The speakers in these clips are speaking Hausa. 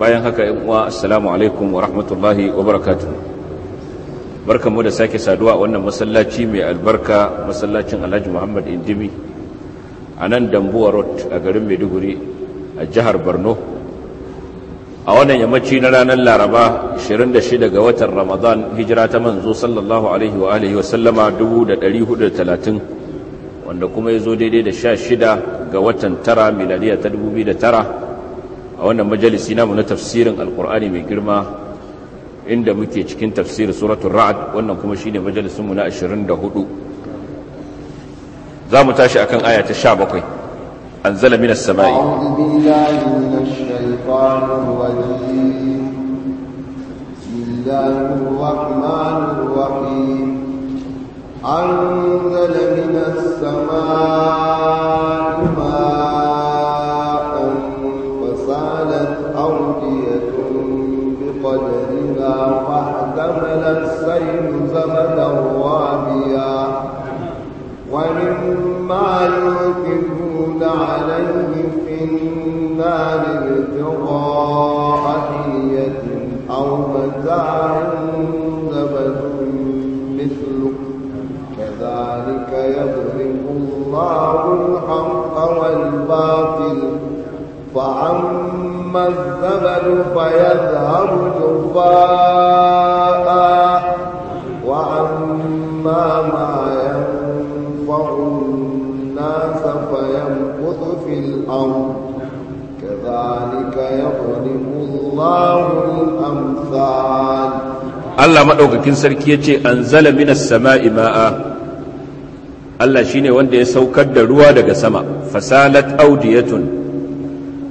bayan haka yan uwa assalamu alaikum wa rahmatullahi wa barakatuh barkanmu da sake saduwa a wannan masallaci mai albarka masallacin Alhaji Muhammad Indimi a nan Dambuwa Road a garin Maiduguri a jihar Borno a wannan yammaci na ranar Laraba 26 ga watan Ramadan hijira ta manzo sallallahu alaihi wa alihi wa sallama 1430 wanda kuma ya zo daidai da 16 ga watan tara miladiya ta 2009 a wannan majalisi namu na tafsirin alkur'ani mai girma inda muke cikin tafsirin suratul ra'ad wannan kuma shine majalisin mu na 24 zamu tashi akan aya ta 17 anzala minas samai a'udhu billahi minash shaitanir rajim samai النار ابتغاء أو متاع زبد مثله كذلك يضرب الله الحق والباطل فأما الزبد فيذهب جفاء وأما Allah maɗaukakin sarki ya ce an zala minas sama'i ma'a Allah shi ne wanda ya saukar da ruwa daga sama fasalat audiyatun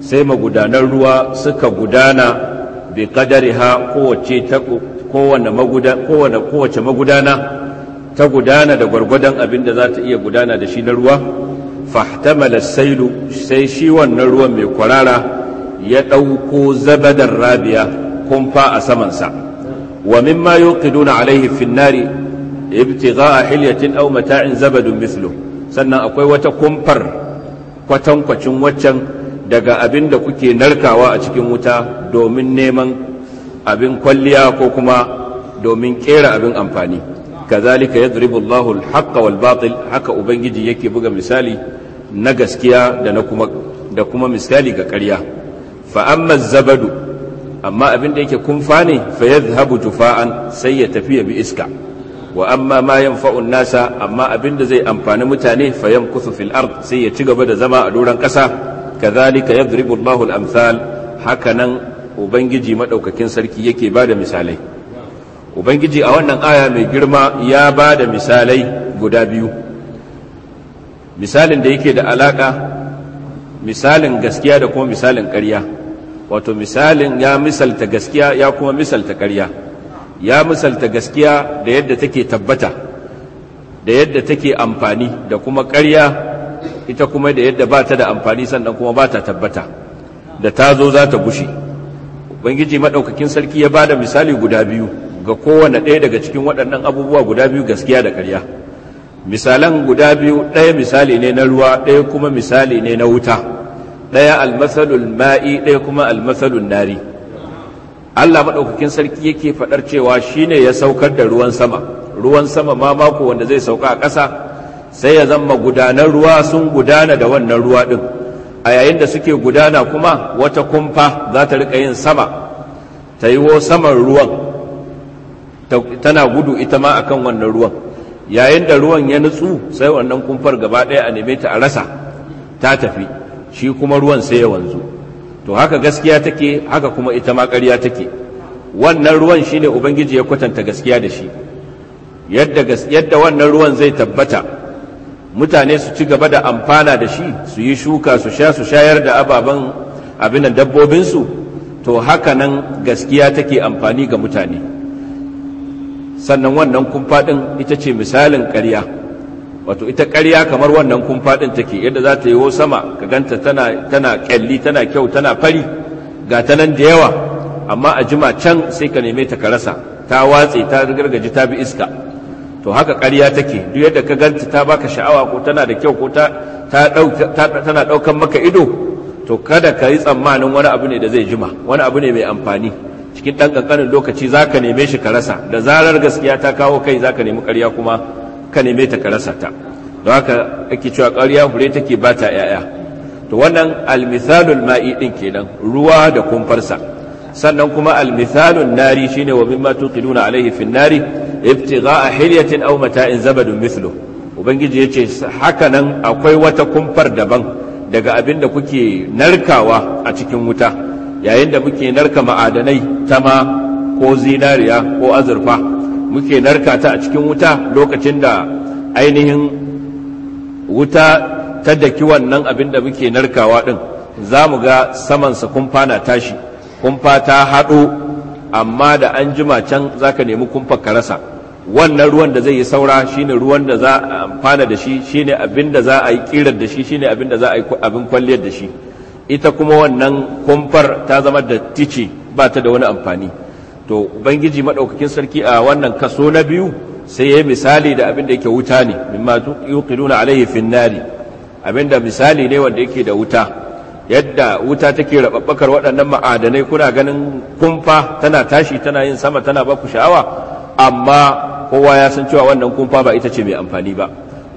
sai magudanar ruwa suka gudana bi kadari ha kowace magudana ta gudana da gwargwadon abin da za ta iya gudana da shi na ruwa fahtamala sailu sai shi wannan ruwan mai kwarara ya ɗauko zabadar rabiya kumfa a samansa wa mimma yuqiduna alaihi finnari nari ibtigha'a hilyatin aw mata'in zabadun mislu sannan akwai wata kumfar kwatankwacin waccan daga abin da kuke narkawa a cikin wuta domin neman abin kwalliya ko kuma domin kera abin amfani kazalika yadribu Allahu al-haqqa wal batil haka ubangiji yake buga misali na gaskiya da na kuma da kuma misali ga ƙarya fa zabadu amma abin da yake kumfa ne fa zahabu tufa'an sai ya tafi ya bi iska wa amma ma yanfa'un nasa amma abin da zai amfani mutane fa yamkuthu fil ard sai ya ci gaba da zama a doran kasa kadhalika yadribu Allahu al amsal hakanan ubangiji madaukakin sarki yake bada misalai ubangiji a wannan aya mai girma ya bada misalai guda biyu misalin da yake da alaka misalin gaskiya da kuma misalin ƙarya wato misalin ya misalta gaskiya ya kuma misalta ƙarya ya misalta gaskiya da yadda take tabbata da yadda take amfani da kuma ƙarya ita kuma da yadda ba ta da amfani sannan kuma ba ta tabbata da ta zo za ta gushe ubangiji maɗaukakin sarki ya ba da misali guda biyu ga kowane ɗaya daga cikin waɗannan abubuwa guda biyu gaskiya da ƙarya misalan guda biyu ɗaya misali ne na ruwa ɗaya kuma misali ne na wuta ɗaya almasalul ma'i ɗaya kuma almasalul nari Allah maɗaukakin sarki yake faɗar cewa shine ya saukar da ruwan sama ruwan sama ma mako wanda zai sauka a ƙasa sai ya zama gudanar ruwa sun gudana da wannan ruwa ɗin a yayin da suke gudana kuma wata kumfa za ta riƙa yin sama ta yi wo saman ruwan tana gudu ita ma akan wannan ruwan yayin da ruwan ya nutsu sai wannan kumfar gaba ɗaya a neme ta a rasa ta tafi shi kuma ruwan sai ya wanzu to haka gaskiya take haka kuma ita ma ƙarya take wannan ruwan shine ubangiji ya kwatanta gaskiya da shi yadda yadda wannan ruwan zai tabbata mutane su ci gaba da amfana da shi su yi shuka su sha su shayar da ababen abinan dabbobinsu to haka nan gaskiya take amfani ga mutane sannan wannan kumfaɗin ita ce misalin ƙarya wato ita ƙarya kamar wannan kumfaɗin take yadda za ta yi sama ka ganta tana ƙyalli tana kyau tana fari ga ta nan da yawa amma a jima can sai ka neme ta ka rasa ta watse ta gargaji ta bi iska to haka ƙarya take duk yadda ka ganta ta baka sha'awa ko tana da kyau ko tana ɗaukan maka ido to kada ka yi tsammanin wani abu ne da zai jima wani abu ne mai amfani cikin ɗan ƙanƙanin lokaci za ka neme shi ka rasa da zarar gaskiya ta kawo kai za ka nemi ƙarya kuma ka neme ta ka ta don haka ake cewa ƙarya hure take ba ta ‘ya'ya to wannan almithalul ma'i ɗin kenan ruwa da kumfarsa sannan kuma almithalun nari shine wa mimma tuqiduna alaihi fin nari ibtigha'a hilyatin aw mata'in zabadun mithlu ubangiji yace haka nan akwai wata kumfar daban daga abin da kuke narkawa a cikin wuta yayin da muke narka ma'adanai ta ma ko zinariya ko azurfa muke narka ta a cikin wuta lokacin da ainihin wuta ta daki wannan abin da muke narkawa din za mu ga samansa kumfa na tashi kumfa ta haɗo amma da an jima can za ka nemi kumfa ka rasa wannan ruwan da zai yi saura shine ruwan da za a amfana da shi shine abin da za a yi kirar da shi shine abin da za a yi abin kwalliyar da shi ita kuma wannan kumfar ta zama da tici ba ta da wani amfani to ubangiji madaukakin sarki a wannan kaso na biyu sai yayi misali da abin da yake wuta ne mimma yuqiluna alaihi fin nari abinda misali ne wanda yake da wuta yadda wuta take rababbakar waɗannan ma'adanai kuna ganin kumfa tana tashi tana yin sama tana baku sha'awa amma kowa ya san cewa wannan kumfa ba ita ce mai amfani ba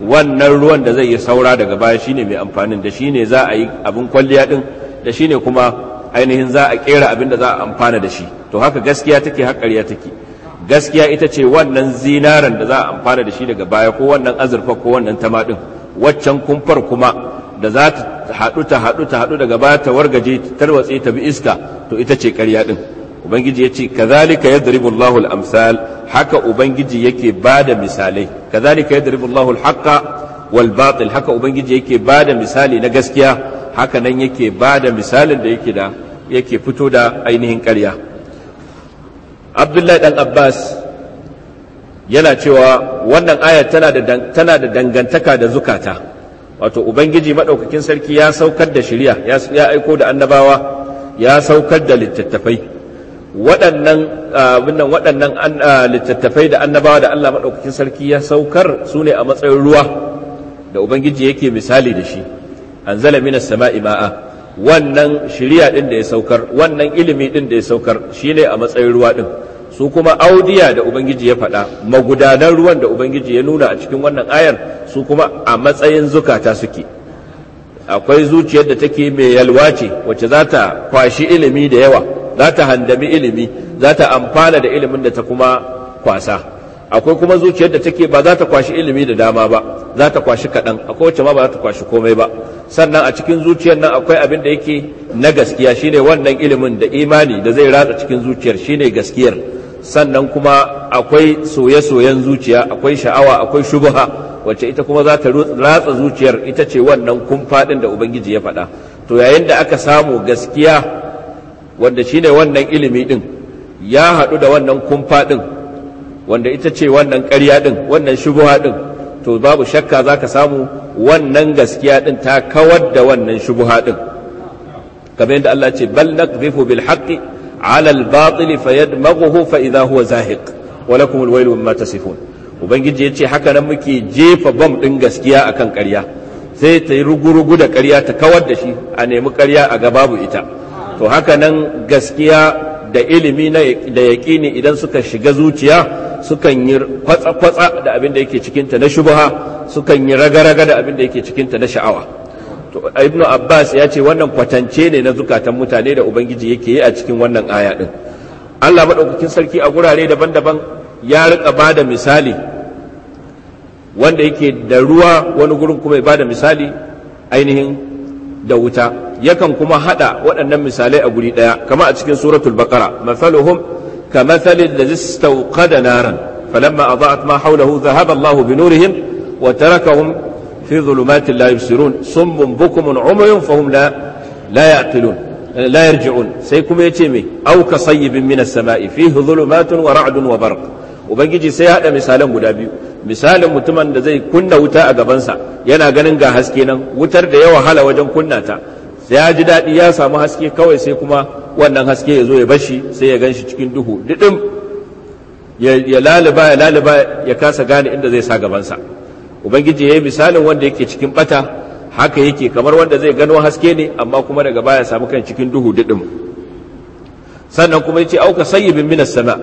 wannan ruwan da zai yi saura daga baya shine mai amfanin da shine za a yi abin kwalliya din da shine kuma ainihin za a kera abin da za a amfana da shi to haka gaskiya take haƙariya take gaskiya ita ce wannan zinaran da za a amfana da shi daga baya ko wannan azurfa ko wannan tamaɗin waccan kumfar kuma da za ta haɗu ta haɗu ta haɗu daga baya ta wargaje tarwatse ta bi iska to ita ce ƙarya ɗin ubangiji ya ce kazalika yadribu Allahu al-amsal haka ubangiji yake bada misalai kazalika yadribu Allahu al-haqqa wal batil haka ubangiji yake bada misali na gaskiya haka nan yake ba da misalin da yake da yake fito da ainihin ƙarya abdullahi dan abbas yana cewa wannan aya tana da dangantaka da zukata wato ubangiji maɗaukakin sarki ya saukar da shirya ya aiko da annabawa ya saukar da littattafai waɗannan ah, waɗannan ah, littattafai da annabawa da allah maɗaukakin sarki ya saukar su ne a matsayin ruwa da ubangiji yake misali da shi anzala minas sama'i ma'a wannan shiriya din da ya saukar wannan ilimi din da ya saukar shine a matsayin ruwa din su kuma audiya da ubangiji ya faɗa magudanar ruwan da ubangiji ya nuna a cikin wannan ayar su kuma a matsayin zukata suke akwai zuciyar da take mai yalwa ce wacce za ta kwashi ilimi da yawa za ta handami ilimi za ta amfana da ilimin da ta kuma kwasa akwai kuma zuciyar da take ba za ta kwashi ilimi da dama ba za ta kwashi kaɗan akwai wacce ma ba za ta kwashi komai ba sannan a cikin zuciyar nan akwai abin da yake na gaskiya shine wannan ilimin da imani da zai ratsa cikin zuciyar shine gaskiyar sannan kuma akwai soye-soyen zuciya akwai sha'awa akwai shubuha wacce ita kuma za ta ratsa zuciyar ita ce wannan kumfaɗin da ubangiji ya faɗa to yayin da aka samu gaskiya wanda shine wannan ilimi din ya haɗu da wannan kumfaɗin wanda ita ce wannan ƙarya din wannan shubuha din to babu shakka za ka samu wannan gaskiya din ta kawar da wannan shubuha din kamar yadda Allah ce bal naqdhifu bil haqqi ala al batil fayadmaghuhu fa idha huwa zahiq wa lakum al waylu mimma tasifun ubangiji yace haka nan muke jefa bam din gaskiya akan ƙarya sai ta yi rugurugu da ƙarya ta kawar da shi a nemi ƙarya a ga babu ita to haka nan gaskiya da ilimi da yaƙini idan suka shiga zuciya sukan yi kwatsa-kwatsa da abin da yake cikinta na shubha sukan yi raga-raga da abin da yake cikinta na sha'awa to ibnu abbas ya ce wannan kwatance ne na zukatan mutane da ubangiji yake yi a cikin wannan aya din allah maɗaukakin sarki a gurare daban-daban ya rika ba da misali wanda yake da ruwa wani gurin kuma ya ba misali ainihin da wuta yakan kuma hada waɗannan misalai a guri ɗaya kama a cikin suratul baqara mathaluhum ka mathalil ladzi da naran falamma adaa'at ma hawlahu dhahaba Allahu bi nurihim wa tarakahum fi dhulumatin la yubsirun summun bukumun umyun fahum la la yaqilun la yarji'un sai kuma yace me au ka sayyibin minas sama'i fihi dhulumatun wa ra'dun wa barq ubangiji sai ya hada misalan guda biyu misalin mutumin da zai kunna wuta a gabansa yana ganin ga haske nan wutar da ya wahala wajen kunna ta ya ji daɗi ya samu haske kawai sai kuma wannan haske ya zo ya bashi sai ya gan shi cikin duhu didim ya laliba ya laliba ya kasa gane inda zai sa gabansa ubangiji ya yi misalin wanda yake cikin bata haka yake kamar wanda zai gano haske ne amma kuma daga baya samu kan cikin duhu didim sannan kuma ya ce auka sayyibin minas sama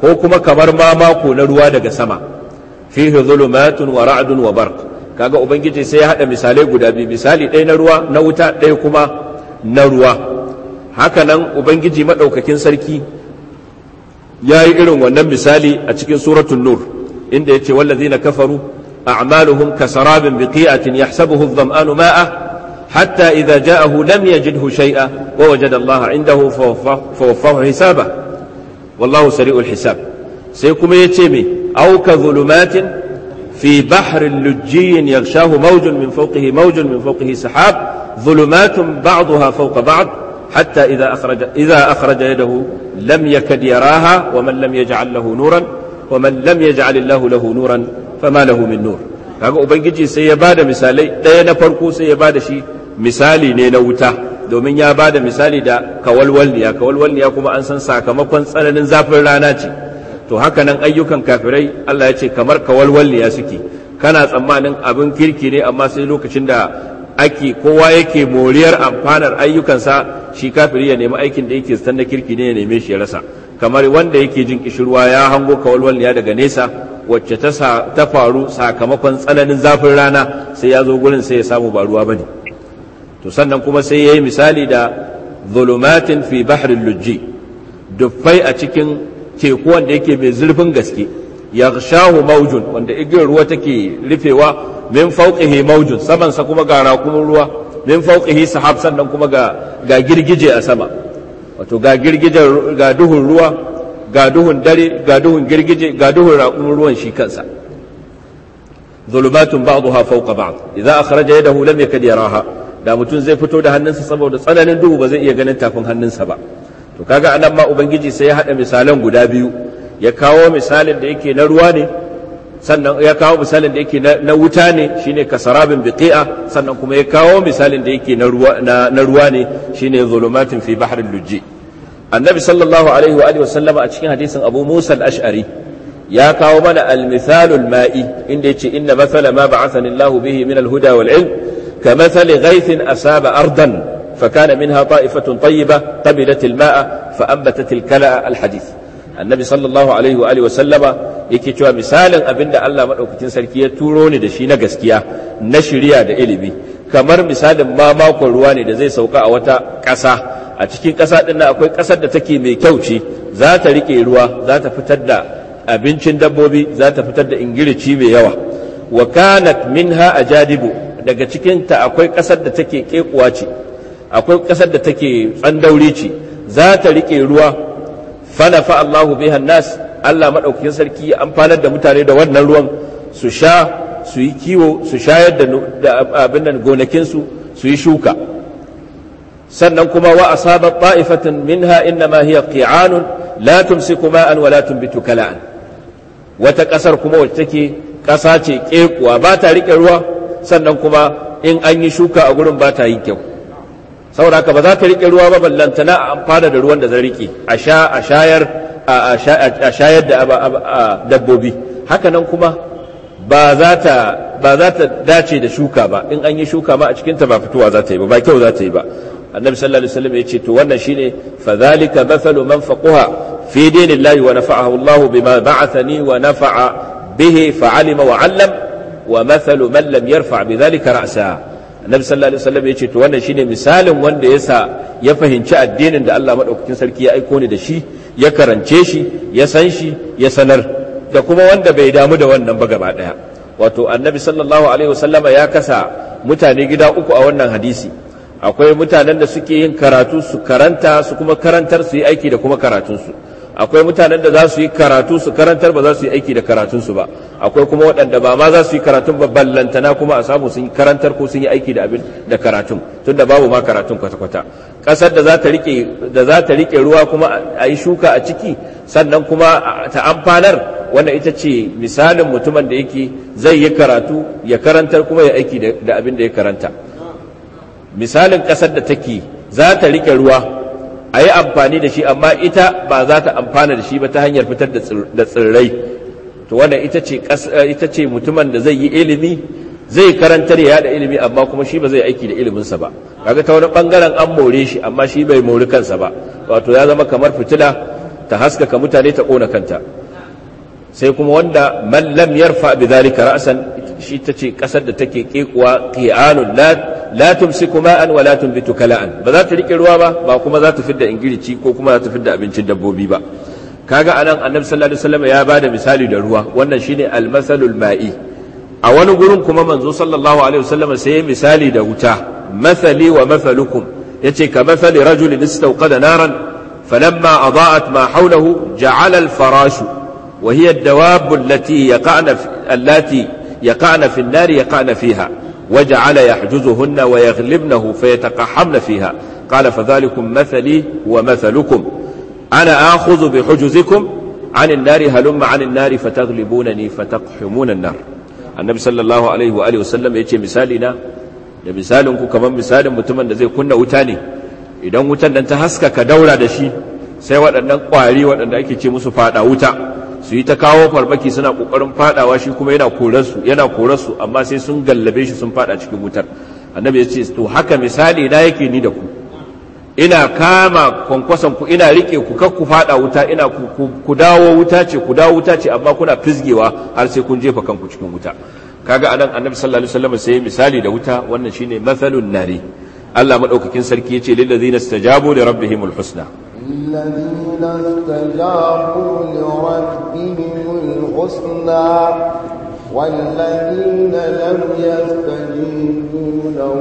ko kuma kamar ma mako na ruwa daga sama fihi zulumatun wa ra'dun wa barq kaga ubangiji sai ya hada misalai guda biyu misali ɗaya na ruwa na wuta ɗaya kuma na ruwa hakanan ubangiji madaukakin sarki ya yi irin wannan misali a cikin suratun nur inda ya ce na kafaru a'maluhum kasarabin biqi'atin yahsabuhu hatta dhamaanu ma'a حتى إذا جاءه لم يجده شيئا ووجد الله عنده فوفاه sari'ul hisab sai kuma yace me auka كظلمات في بحر لجي يغشاه موج من فوقه موج من فوقه سحاب ظلمات بعضها فوق بعض حتى إذا أخرج, إذا أخرج يده لم يكد يراها ومن لم يجعل له نورا ومن لم يجعل الله له نورا فما له من نور kaga ubangiji sai ya bada misalai ɗaya na farko sai ya bada shi misali ne na wuta domin ya bada misali da kawalwalniya kawalwalniya kuma an san sakamakon tsananin zafin rana ce to haka nan ayyukan kafirai Allah ya ce kamar kawalwalliya suke kana tsammanin abin kirki ne amma sai lokacin da ake kowa yake moriyar amfanar ayyukansa shi kafiri ya nemi aikin da yake stan na kirki ne ya neme shi ya rasa kamar wanda yake jin kishirwa ya hango kawalwalliya daga nesa wacce ta faru sakamakon tsananin zafin rana sai ya zo gurin sai ya samu ba ruwa bane to sannan kuma sai ya yi misali da zulumatin fi bahrin lujji duffai a cikin teku wanda yake mai zurfin gaske ya shahu maujun wanda igiyar ruwa take rufewa min fauqihi maujun samansa kuma ga rakumin ruwa min fauqihi sahab sannan kuma ga girgije a sama wato ga girgijen ga duhun ruwa ga duhun dare ga duhun girgije ga duhun rakumin ruwan shi kansa zulumatun ba'daha fawqa ba'd idza akhraja yadahu lam yakad yaraha da mutum zai fito da hannunsa saboda tsananin duhu ba zai iya ganin tafin hannunsa ba to kaga anan ma ubangiji sai ya haɗa misalan guda biyu ya kawo misalin da yake na ruwa ne sannan ya kawo misalin da yake na wuta ne shine kasarabin biqi'a sannan kuma ya kawo misalin da yake na ruwa na ruwa ne shine zulumatin fi bahril lujji annabi sallallahu alaihi wa alihi wasallama a cikin hadisin abu musa al-ash'ari ya kawo mana al-mithalu al-ma'i inda yace inna mathala ma ba'athani Allahu bihi min al-huda wal-ilm kamathali ghaythin asaba ardan فكان منها طائفة طيبة قبلت الماء فأنبتت الكلاء الحديث النبي صلى الله عليه وآله وسلم yake cewa misalin abin da Allah maɗaukakin sarki ya turo ni da shi na gaskiya na shirya da ilimi kamar misalin ma makon ruwa ne da zai sauka a wata ƙasa a cikin ƙasa ɗin nan akwai ƙasar da take mai kyau ce za ta riƙe ruwa za ta fitar da abincin dabbobi za ta fitar da ingirici mai yawa wa kanat minha ajadibu daga cikinta akwai ƙasar da take ƙeƙuwa ce akwai ƙasar da take tsandauri ce za ta riƙe ruwa fana fa Allahu biha nas Allah madaukakin sarki ya amfanar da mutane da wannan ruwan su sha su yi kiwo su shayar da abin nan gonakinsu su yi shuka sannan kuma wa asaba ta'ifatun minha innama hiya qi'anun la tumsiku ma'an wa la tunbitu kala'an wata ƙasar kuma wacce take ƙasa ce ƙekuwa ba ta riƙe ruwa sannan kuma in an yi shuka a gurin ba ta yin kyau saboda haka ba za ka riƙe ruwa ba ballantana a amfana da ruwan da zai riƙe a shayar a shayar da dabbobi haka nan kuma ba za ta dace da shuka ba in an yi shuka ma a cikin ta ba fitowa za ta yi ba ba kyau za ta yi ba annabi sallallahu alaihi wasallam ya ce to wannan shine fadhalika mathalu man faqaha fi dinillahi wa nafa'ahu Allah bima ba'athani wa nafa'a bihi fa'alima wa 'allam wa mathalu man lam yarfa' bidhalika ra'sa annabi sallallahu alaihi wasallam ya ce to wannan shine misalin wanda ya ya fahimci addinin da Allah madaukakin sarki ya aiko ni da shi ya karance shi ya san shi ya sanar da kuma wanda bai damu da wannan ba gaba daya wato annabi sallallahu alaihi ya kasa mutane gida uku a wannan hadisi akwai mutanen da suke yin karatu su karanta su kuma karantar su yi aiki da kuma karatunsu su akwai mutanen da za su yi karatu su karantar ba za su yi aiki da karatunsu ba akwai kuma waɗanda ba ma za su yi karatun ba ballantana kuma a samu sun karantar ko sun yi aiki da abin da karatun tun da babu ma karatun kwata-kwata ƙasar da za ta rike ruwa kuma a yi shuka a ciki sannan kuma ta amfanar wanda ita ce misalin mutumin da yake zai yi karatu ya karantar kuma ya aiki da abin da ya karanta misalin ƙasar da take za ta rike ruwa a yi amfani da shi amma ita ba za ta amfana da shi ba ta hanyar fitar da tsirrai to wannan eh, ita ce mutumin da zai yi ilimi zai karantar ya da ilimi amma kuma shi ba zai aiki da iliminsa ba kaga ta wani bangaren an more shi amma shi bai mori kansa ba wato ya zama kamar fitila ta haskaka mutane ta kona kanta sai kuma wanda man lam yarfa bi dhalika ra'san shi ta ce ƙasar da take ƙiƙuwa ƙi'anun la tumsiku ma'an wa la tumbitu kala'an ba za ta riƙe ruwa ba ba kuma za ta fidda ingirici ko kuma za ta fidda abincin dabbobi ba kaga anan annabi sallallahu alaihi wasallam ya bada misali da ruwa wannan shine almasalul ma'i a wani gurin kuma manzo sallallahu alaihi wasallam sai misali da wuta mathali wa mathalukum yace ka mathali rajulin istawqada naran falamma adaa'at ma hawlahu ja'ala al-farash وهي الدواب التي يقعن التي يقعن في النار يقعن فيها وجعل يحجزهن ويغلبنه فيتقحمن فيها قال فذلكم مثلي ومثلكم أنا آخذ بحجزكم عن النار هلم عن النار فتغلبونني فتقحمون النار annabi sallallahu alaihi wa alihi ya ce misali na da misalin ku kamar misalin mutumin da zai kunna wuta ne idan wutan nan ta haskaka daura da shi sai waɗannan ƙwari waɗanda ake ce musu fada wuta su yi ta kawo farmaki suna kokarin fadawa shi kuma yana korarsu yana korarsu amma sai sun gallabe shi sun fada cikin wutar annabi ya ce to haka misali na yake ni da ku ina kama kwankwason ku ina rike ku kar ku fada wuta ina ku dawo wuta ce ku dawo wuta ce amma kuna fizgewa har sai kun jefa kanku cikin wuta kaga anan annabi sallallahu alaihi wasallam sai misali da wuta wannan shine mathalun nari Allah madaukakin sarki yace lil ladzina istajabu li rabbihimul husna للذين استجابوا لربهم الحسنى والذين لم يستجيبوا له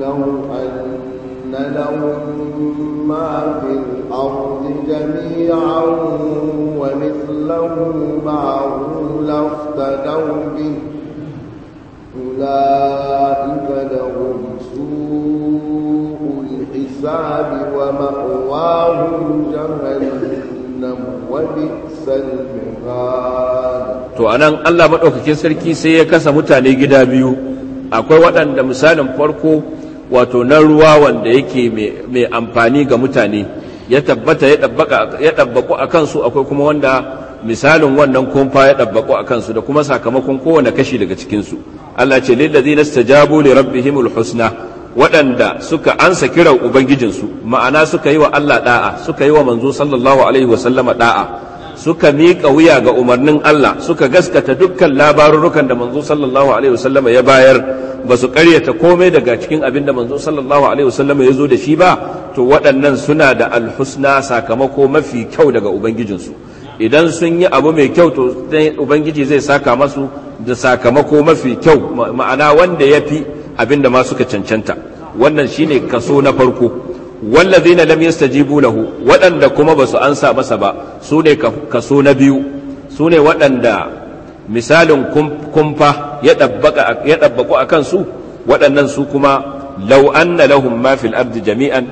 لو أن لهم ما في الأرض جميعا ومثله معه لافتدوا به أولئك لهم سوء العذاب ومأواهم جهنم وبئس المهاد to anan Allah madaukakin sarki sai ya kasa mutane gida biyu akwai waɗanda misalin farko wato na ruwa wanda yake mai amfani ga mutane ya tabbata ya ɗabbaku a kansu akwai kuma wanda misalin wannan kumfa ya ɗabbaku a kansu da kuma sakamakon kowane kashi daga cikinsu Allah ce lillazi na stajabu li rabbihimul husna waɗanda suka ansa kiran ubangijinsu ma'ana suka yi wa Allah da'a suka yi wa manzo sallallahu alaihi wasallama da'a suka miƙa wuya ga umarnin Allah suka gaskata dukkan labarurukan da manzo sallallahu alaihi wasallama ya bayar ba su ƙaryata komai daga cikin abin da manzo sallallahu alaihi wasallama ya zo da shi ba to waɗannan suna da alhusna sakamako mafi kyau daga ubangijinsu idan sun yi abu mai kyau to ubangiji zai saka masu da sakamako mafi kyau ma'ana wanda ya fi da ma suka cancanta wannan shine kaso na farko wallazina lam yastajibu lahu waɗanda kuma ba su ansa masa ba su ne kaso na biyu su ne waɗanda misalin kumfa ya ɗabbaku a kansu waɗannan su kuma lau anna lahum ma fil ardi jami'an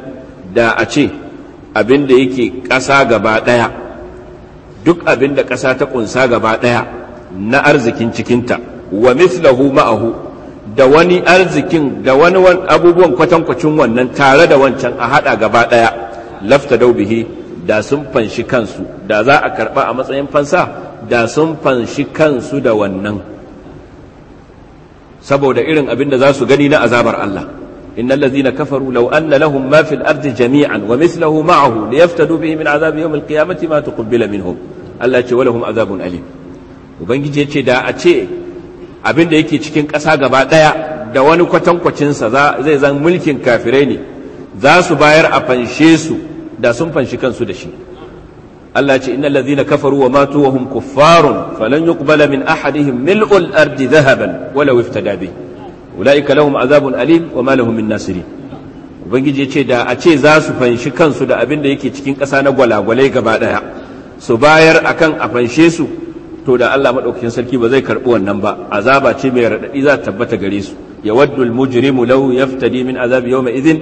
da a ce abinda yake ƙasa gaba ɗaya duk abinda ƙasa ta ƙunsa gaba ɗaya na arzikin cikinta wa mislahu ma'ahu da wani arzikin da wani abubuwan kwatankwacin wannan tare da wancan a hada gaba daya lafta daubihi da sun fanshi kansu da za a karba a matsayin fansa da sun fanshi kansu da wannan saboda irin abin da za su gani na azabar Allah innal ladzina kafaru law anna lahum ma fil ardi jami'an wa mithluhu ma'ahu liyaftadu bihi min azabi yawm al qiyamati ma tuqbila minhum Allah ce walahum azabun alim ubangiji ya ce da a ce abin da yake cikin ƙasa gaba ɗaya da wani kwatankwacinsa zai zan mulkin kafirai ne za su bayar a fanshe su da sun fanshi kansu da shi Allah ce inna ladhina kafaru wa matu wa hum kuffarun falan yuqbala min ahadihim mil'ul ardi dhahaban wala iftada bi ulaika lahum azabun alim wa ma lahum min nasirin ubangiji ya ce da a ce za su fanshi kansu da abin da yake cikin ƙasa na gwalagwalai gaba ɗaya su bayar akan a fanshe su to da Allah madaukakin sarki ba zai karbi wannan ba azaba ce mai radadi za ta tabbata gare su yawaddu almujrimu law yaftadi min azab yawma idhin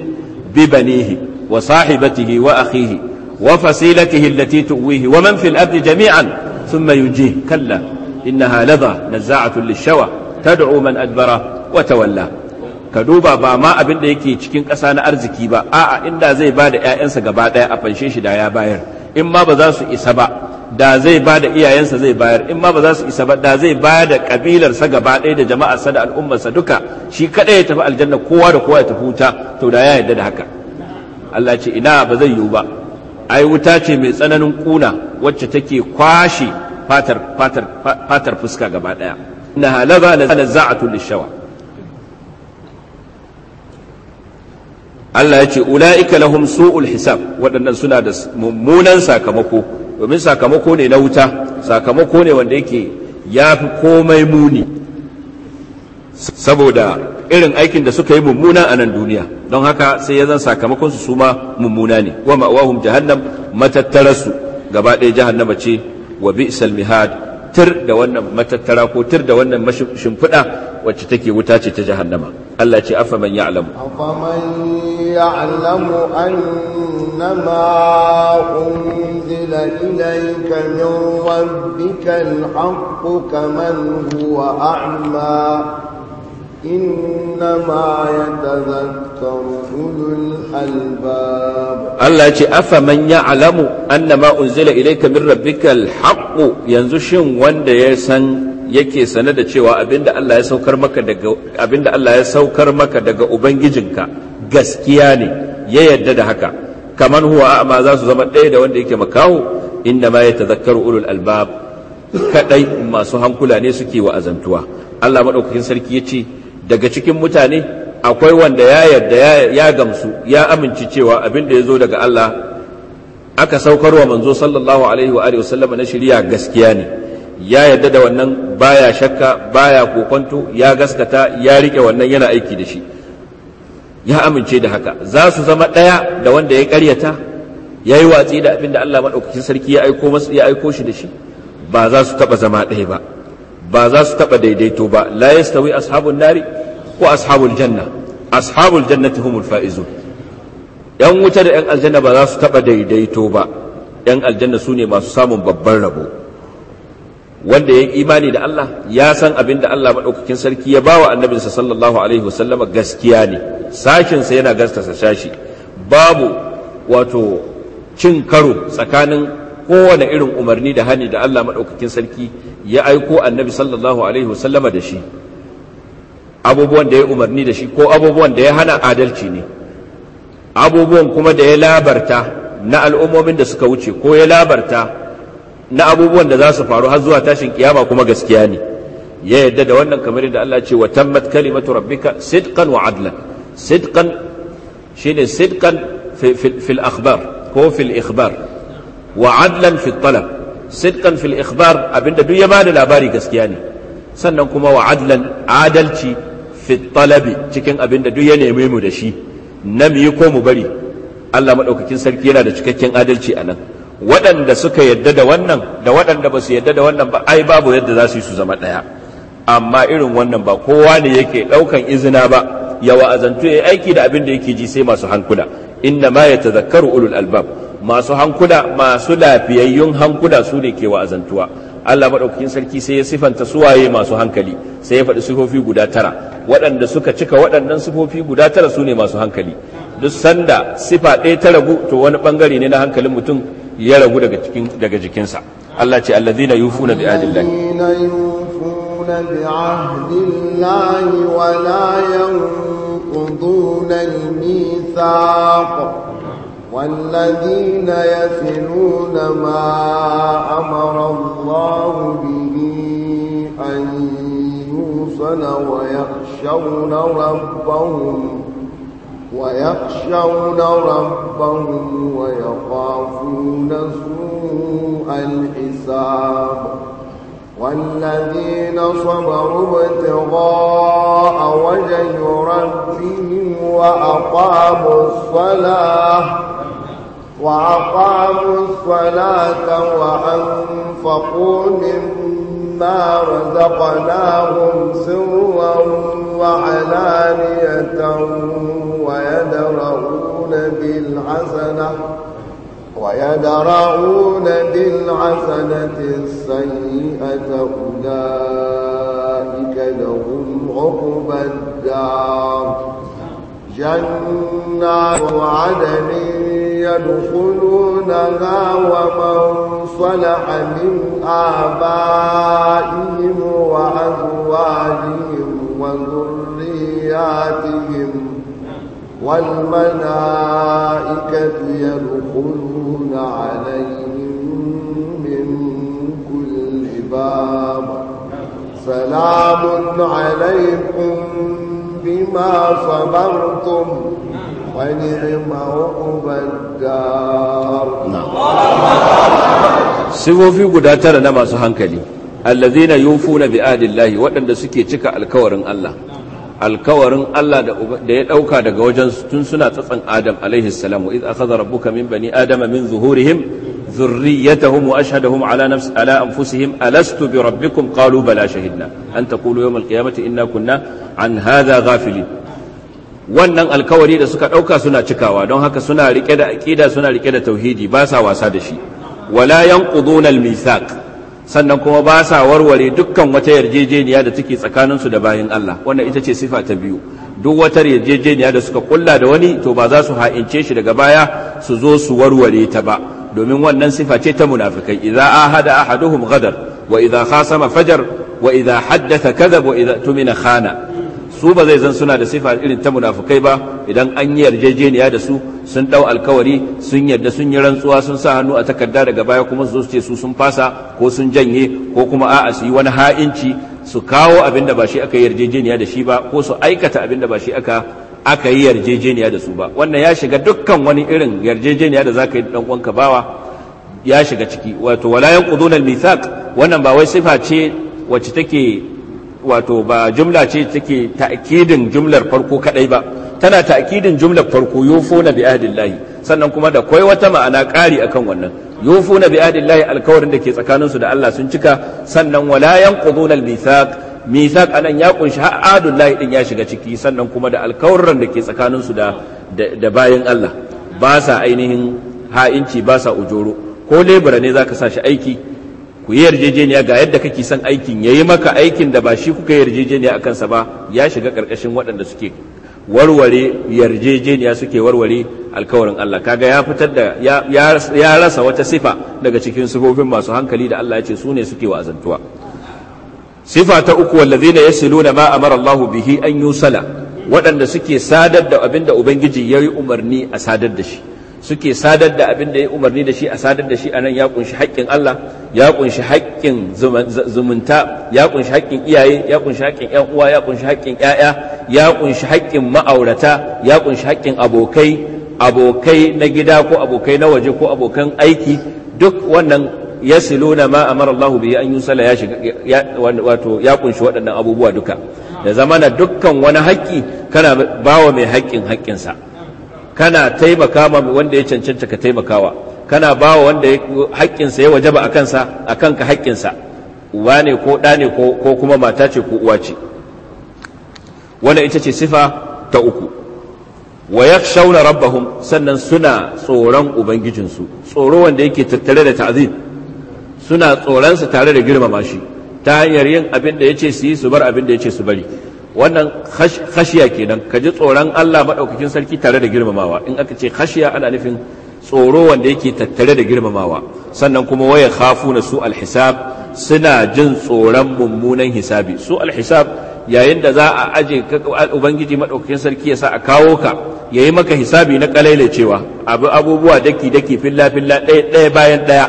bi banihi wa sahibatihi wa akhihi wa fasilatihi allati tuwihi wa man fil ardi jami'an thumma yujih kalla innaha ladha nazza'atun lishawa tad'u man adbara wa tawalla ka duba ba ma abin da yake cikin ƙasa na arziki ba a'a inda zai ba da 'ya'yansa gaba daya a fanshe shi da ya bayar in ma ba za su isa ba da zai ba da iyayensa zai bayar in ma ba za su isa ba da zai ba da kabilarsa gaba ɗaya da jama'arsa da al'ummarsa duka shi kaɗai ya tafi aljanna kowa da kowa ya tafi wuta to da ya yarda da haka Allah ce ina ba zai yiwu ba ai wuta ce mai tsananin kuna wacce take kwashe fatar fatar fatar fuska gaba ɗaya inna halaba la za'atu lishawa Allah ya ce ula'ika lahum su'ul hisab waɗannan suna da mummunan sakamako domin sakamako ne na wuta sakamako ne wanda yake ya fi komai muni saboda irin aikin da suka yi mummuna a nan duniya don haka sai ya zan sakamakon su suma mummuna ne wa ma'awahum jahannam matattararsu gaba ɗaya jahannama ce wa bi'sal mihad tir da wannan matattara ko tir da wannan shimfiɗa wacce take wuta ce ta jahannama Allah ce afa man ya'lamu afa man ya'lamu annama unzila ilayka min rabbika al-haqqu kaman huwa a'ma إنما يتذكر أولو الألباب الله يقول أفمن يعلم أن ما أنزل إليك من ربك الحق ينزشن وند يسن yake sane da cewa abinda Allah ya saukar maka daga abinda Allah ubangijinka gaskiya ne ya yadda da haka kamar huwa amma za su zama ɗaya da wanda yake makaho inda ma ya tazakkaru ulul albab kaɗai masu hankula ne suke wa azantuwa Allah maɗaukakin sarki ya ce. daga cikin mutane akwai wanda ya yarda ya gamsu ya amince cewa abin da ya zo daga Allah aka saukar wa manzo sallallahu alaihi wa sallama na shirya gaskiya ne ya yarda da wannan baya shakka baya kokonto ya gaskata ya rike wannan yana aiki da shi ya amince da haka za su zama ɗaya da wanda ya ƙaryata ya yi watsi da abin da Allah maɗaukakin sarki ya aiko shi da shi ba za su taɓa zama ɗaya ba ba za su taba daidaito ba la yastawi ashabun nari ko ashabul janna ashabul jannati humul faizun yan wuta da yan aljanna ba za su taɓa daidaito ba yan aljanna su ne masu samun babban rabo wanda ya imani da Allah ya san abin da Allah maɗaukakin sarki ya bawa annabinsa sallallahu alaihi wasallama gaskiya ne sashinsa yana sa sashi babu wato cin karo tsakanin kowane irin umarni da hani da Allah maɗaukakin sarki ya aiko annabi sallallahu alaihi wasallama da shi abubuwan da ya umarni da shi ko abubuwan da ya hana adalci ne abubuwan kuma da ya labarta na al'ummomin da suka wuce ko ya labarta na abubuwan da za su faru har zuwa tashin kiyama kuma gaskiya ne ya yadda da wannan kamar da Allah ce wa tammat kalimatu rabbika sidqan wa adlan sidqan shine sidqan fil akhbar ko fil ikhbar wa adlan fi talab sidqan fil ikhbar abinda duk ya bada labari gaskiya ne sannan kuma wa adlan adalci fi talabi cikin abinda duk ya neme mu da shi na mu yi ko mu bari Allah madaukakin sarki yana da cikakken adalci a nan waɗanda suka yadda da wannan da waɗanda ba su yadda da wannan ba ai babu yadda za su yi su zama ɗaya amma irin wannan ba kowa ne yake ɗaukan izina ba ya wa'azantu ya aiki da abin da yake ji sai masu hankula inna ma ya tazakkaru ulul albab masu hankula masu lafiyayyun hankula su ne ke wa'azantuwa Allah maɗaukakin sarki sai ya sifanta suwaye masu hankali sai ya faɗi sifofi guda tara waɗanda suka cika waɗannan sifofi guda tara su ne masu hankali duk sanda sifa ɗaya ta ragu to wani ɓangare ne na hankalin mutum ya ragu daga jikinsa Allah ce allazina na bi ahdillahi بعهد الله ولا والذين يفعلون ما أمر الله به أن يوصل ويخشون ربهم ويخشون ربهم ويخافون سوء الحساب والذين صبروا ابتغاء وجه ربهم وأقاموا الصلاة وأقاموا الصلاة وأنفقوا مما رزقناهم سرا وعلانية ويدرؤون بالحسنة ويدرعون بالحسنة السيئة أولئك لهم عقب الدار جنات عدن يدخلونها ومن صلح من آبائهم وأزواجهم وذرياتهم والملائكة يدخلون عليكم بما صبرتم ونعم عقب الدار sifofi guda tara na masu hankali allazina yufuna bi ahdillahi waɗanda suke cika alkawarin Allah alkawarin Allah da ya ɗauka daga wajen tun suna tsatsan Adam alaihi salamu iz min bani adama min zuhurihim ذريتهم وأشهدهم على نفس على أنفسهم ألست بربكم قالوا بلى شهدنا أن تقولوا يوم القيامة إنا كنا عن هذا غافلين wannan alkawari da suka ɗauka suna cikawa don haka suna riƙe da aƙida suna riƙe da tauhidi ba sa wasa da shi wala yanquduna almithaq sannan kuma ba sa warware dukkan wata yarjejeniya da take tsakaninsu da bayin Allah wannan ita ce sifa ta biyu duk wata yarjejeniya da suka kulla da wani to ba za su ha'ince shi daga baya su zo su warware ta ba domin wannan sifa ce ta munafikai idza ahada ahaduhum ghadar wa idza khasama fajar wa idza haddatha kadhab wa idza tumina khana su ba zai zan suna da sifa irin ta munafikai ba idan an yi yarjejeniya da su sun dau alkawari sun yarda sun yi rantsuwa sun sa hannu a takarda daga baya kuma su zo su ce su sun fasa ko sun janye ko kuma a'a su yi wani ha'inci su kawo abin da ba shi aka yarjejeniya da shi ba ko su aikata abin da ba shi aka aka yi yarjejeniya da su ba wannan ya shiga dukkan wani irin yarjejeniya da zaka yi dan uwanka bawa ya shiga ciki wato wala yanquduna al wannan ba wai sifa ce wacce take wato ba jumla ce take ta'kidin jumlar farko kadai ba tana ta'kidin jumlar farko yufuna bi ahdillahi sannan kuma da koi wata ma'ana ƙari akan wannan yufuna bi ahdillahi alkawarin da ke tsakaninsu da Allah sun cika sannan wala yanquduna al mizaq anan ya kunshi har adullahi din ya shiga ciki sannan kuma da alkawarran da ke tsakanin su da da bayan Allah ba sa ainihin ha'inci ba sa ujoro ko lebura ne zaka sa shi aiki ku yi yarjejeniya ga yadda kake son aikin yayi maka aikin da ba shi kuka yarjejeniya akan sa ba ya shiga karkashin waɗanda suke warware yarjejeniya suke warware alkawarin Allah kaga ya fitar da ya rasa wata sifa daga cikin sifofin masu hankali da Allah ya ce su ne suke wa'azantuwa sifa ta uku wallazina yasiluna ma amara Allah bihi an yusala waɗanda suke sadar da abin da ubangiji yayi umarni a sadar da shi suke sadar da abin da ya umarni da shi a sadar da shi a nan ya kunshi haƙƙin Allah ya kunshi haƙƙin zumunta ya kunshi haƙƙin iyaye ya kunshi haƙƙin ƴan uwa ya kunshi haƙƙin ƴaƴa ya kunshi haƙƙin ma'aurata ya kunshi haƙƙin abokai abokai na gida ko abokai na waje ko abokan aiki duk wannan yasiluna ma amara Allah bihi an yusalla ya shiga wato ya kunshi waɗannan abubuwa duka da zamana dukkan wani haƙƙi kana bawa mai haƙƙin haƙƙinsa kana taimaka ma wanda ya cancanta ka taimakawa kana bawa wanda haƙƙinsa ya wajaba a kansa a ka haƙƙinsa uba ne ko ɗa ne ko kuma mata ce ko uwa ce wannan ita ce sifa ta uku wa yakhshawna rabbahum sannan suna tsoron ubangijinsu tsoro wanda yake tattare da ta'zim suna tsoronsa tare da girmama shi ta hanyar yin abin da ya ce su yi su bar abin da ya ce su bari wannan khashiya kenan ka ji tsoron Allah maɗaukakin sarki tare da girmamawa in aka ce khashiya ana nufin tsoro wanda yake tattare da girmamawa sannan kuma waya khafu na su alhisab suna jin tsoron mummunan hisabi su alhisab yayin da za a aje ubangiji maɗaukakin sarki ya sa a kawo ka ya yi maka hisabi na kalailacewa abubuwa daki daki filla filla ɗaya ɗaya bayan ɗaya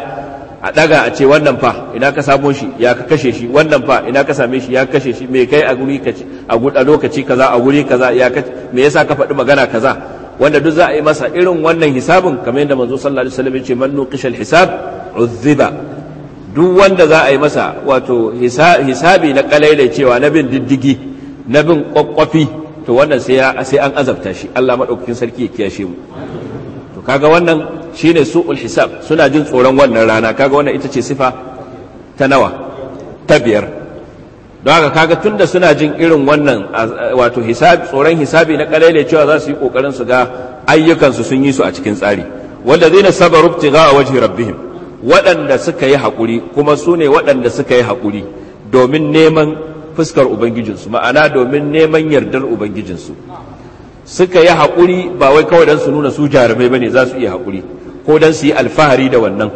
a daga a ce wannan fa ina ka samo shi ya ka kashe shi wannan fa ina ka same shi ya kashe shi me kai a guri ka ce a lokaci kaza a guri kaza ya me yasa ka faɗi magana kaza wanda duk za a yi masa irin wannan hisabin kamar yadda manzo sallallahu alaihi wasallam ya ce man nuqisha hisab uzziba duk wanda za a yi masa wato hisabi na kalailai cewa na bin diddigi na bin kwakwafi to wannan sai sai an azabta shi Allah madaukakin sarki ya kiyashe mu to kaga wannan shine su ulhisab suna jin tsoron wannan rana kaga wannan ita ce sifa ta nawa ta biyar don haka kaga tunda suna jin irin wannan wato hisab tsoron hisabi na kalaile cewa za su yi kokarin su ga ayyukansu sun yi su a cikin tsari wanda zai na saba ga a wajen rabbihim waɗanda suka yi haƙuri kuma su ne waɗanda suka yi haƙuri domin neman fuskar ubangijinsu ma'ana domin neman yardar ubangijinsu suka yi haƙuri ba wai kawai don su nuna su jarumai ba ne za su iya haƙuri ko don su yi alfahari da wannan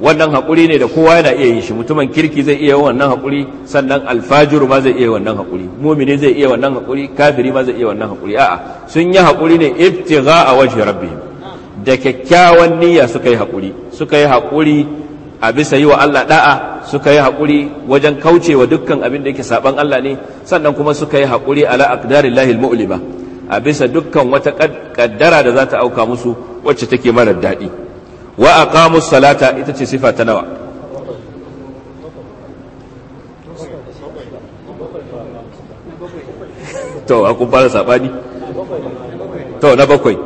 wannan haƙuri ne da kowa yana iya yin shi mutumin kirki zai iya wannan haƙuri sannan alfajiru ma zai iya wannan haƙuri mumini zai iya wannan haƙuri kafiri ma zai iya wannan haƙuri a'a sun yi haƙuri ne ibtigha a wajhi rabbihim da kyakkyawan niyya suka yi haƙuri suka yi haƙuri a bisa yi wa Allah da'a suka yi haƙuri wajen kaucewa dukkan abin da yake saban Allah ne sannan kuma suka yi haƙuri ala aqdarillahi almu'lima a bisa dukkan wata kaddara da za ta auka musu wacce take mara daɗi wa salata ita ce sifa ta nawa to a kun fara to na bakwai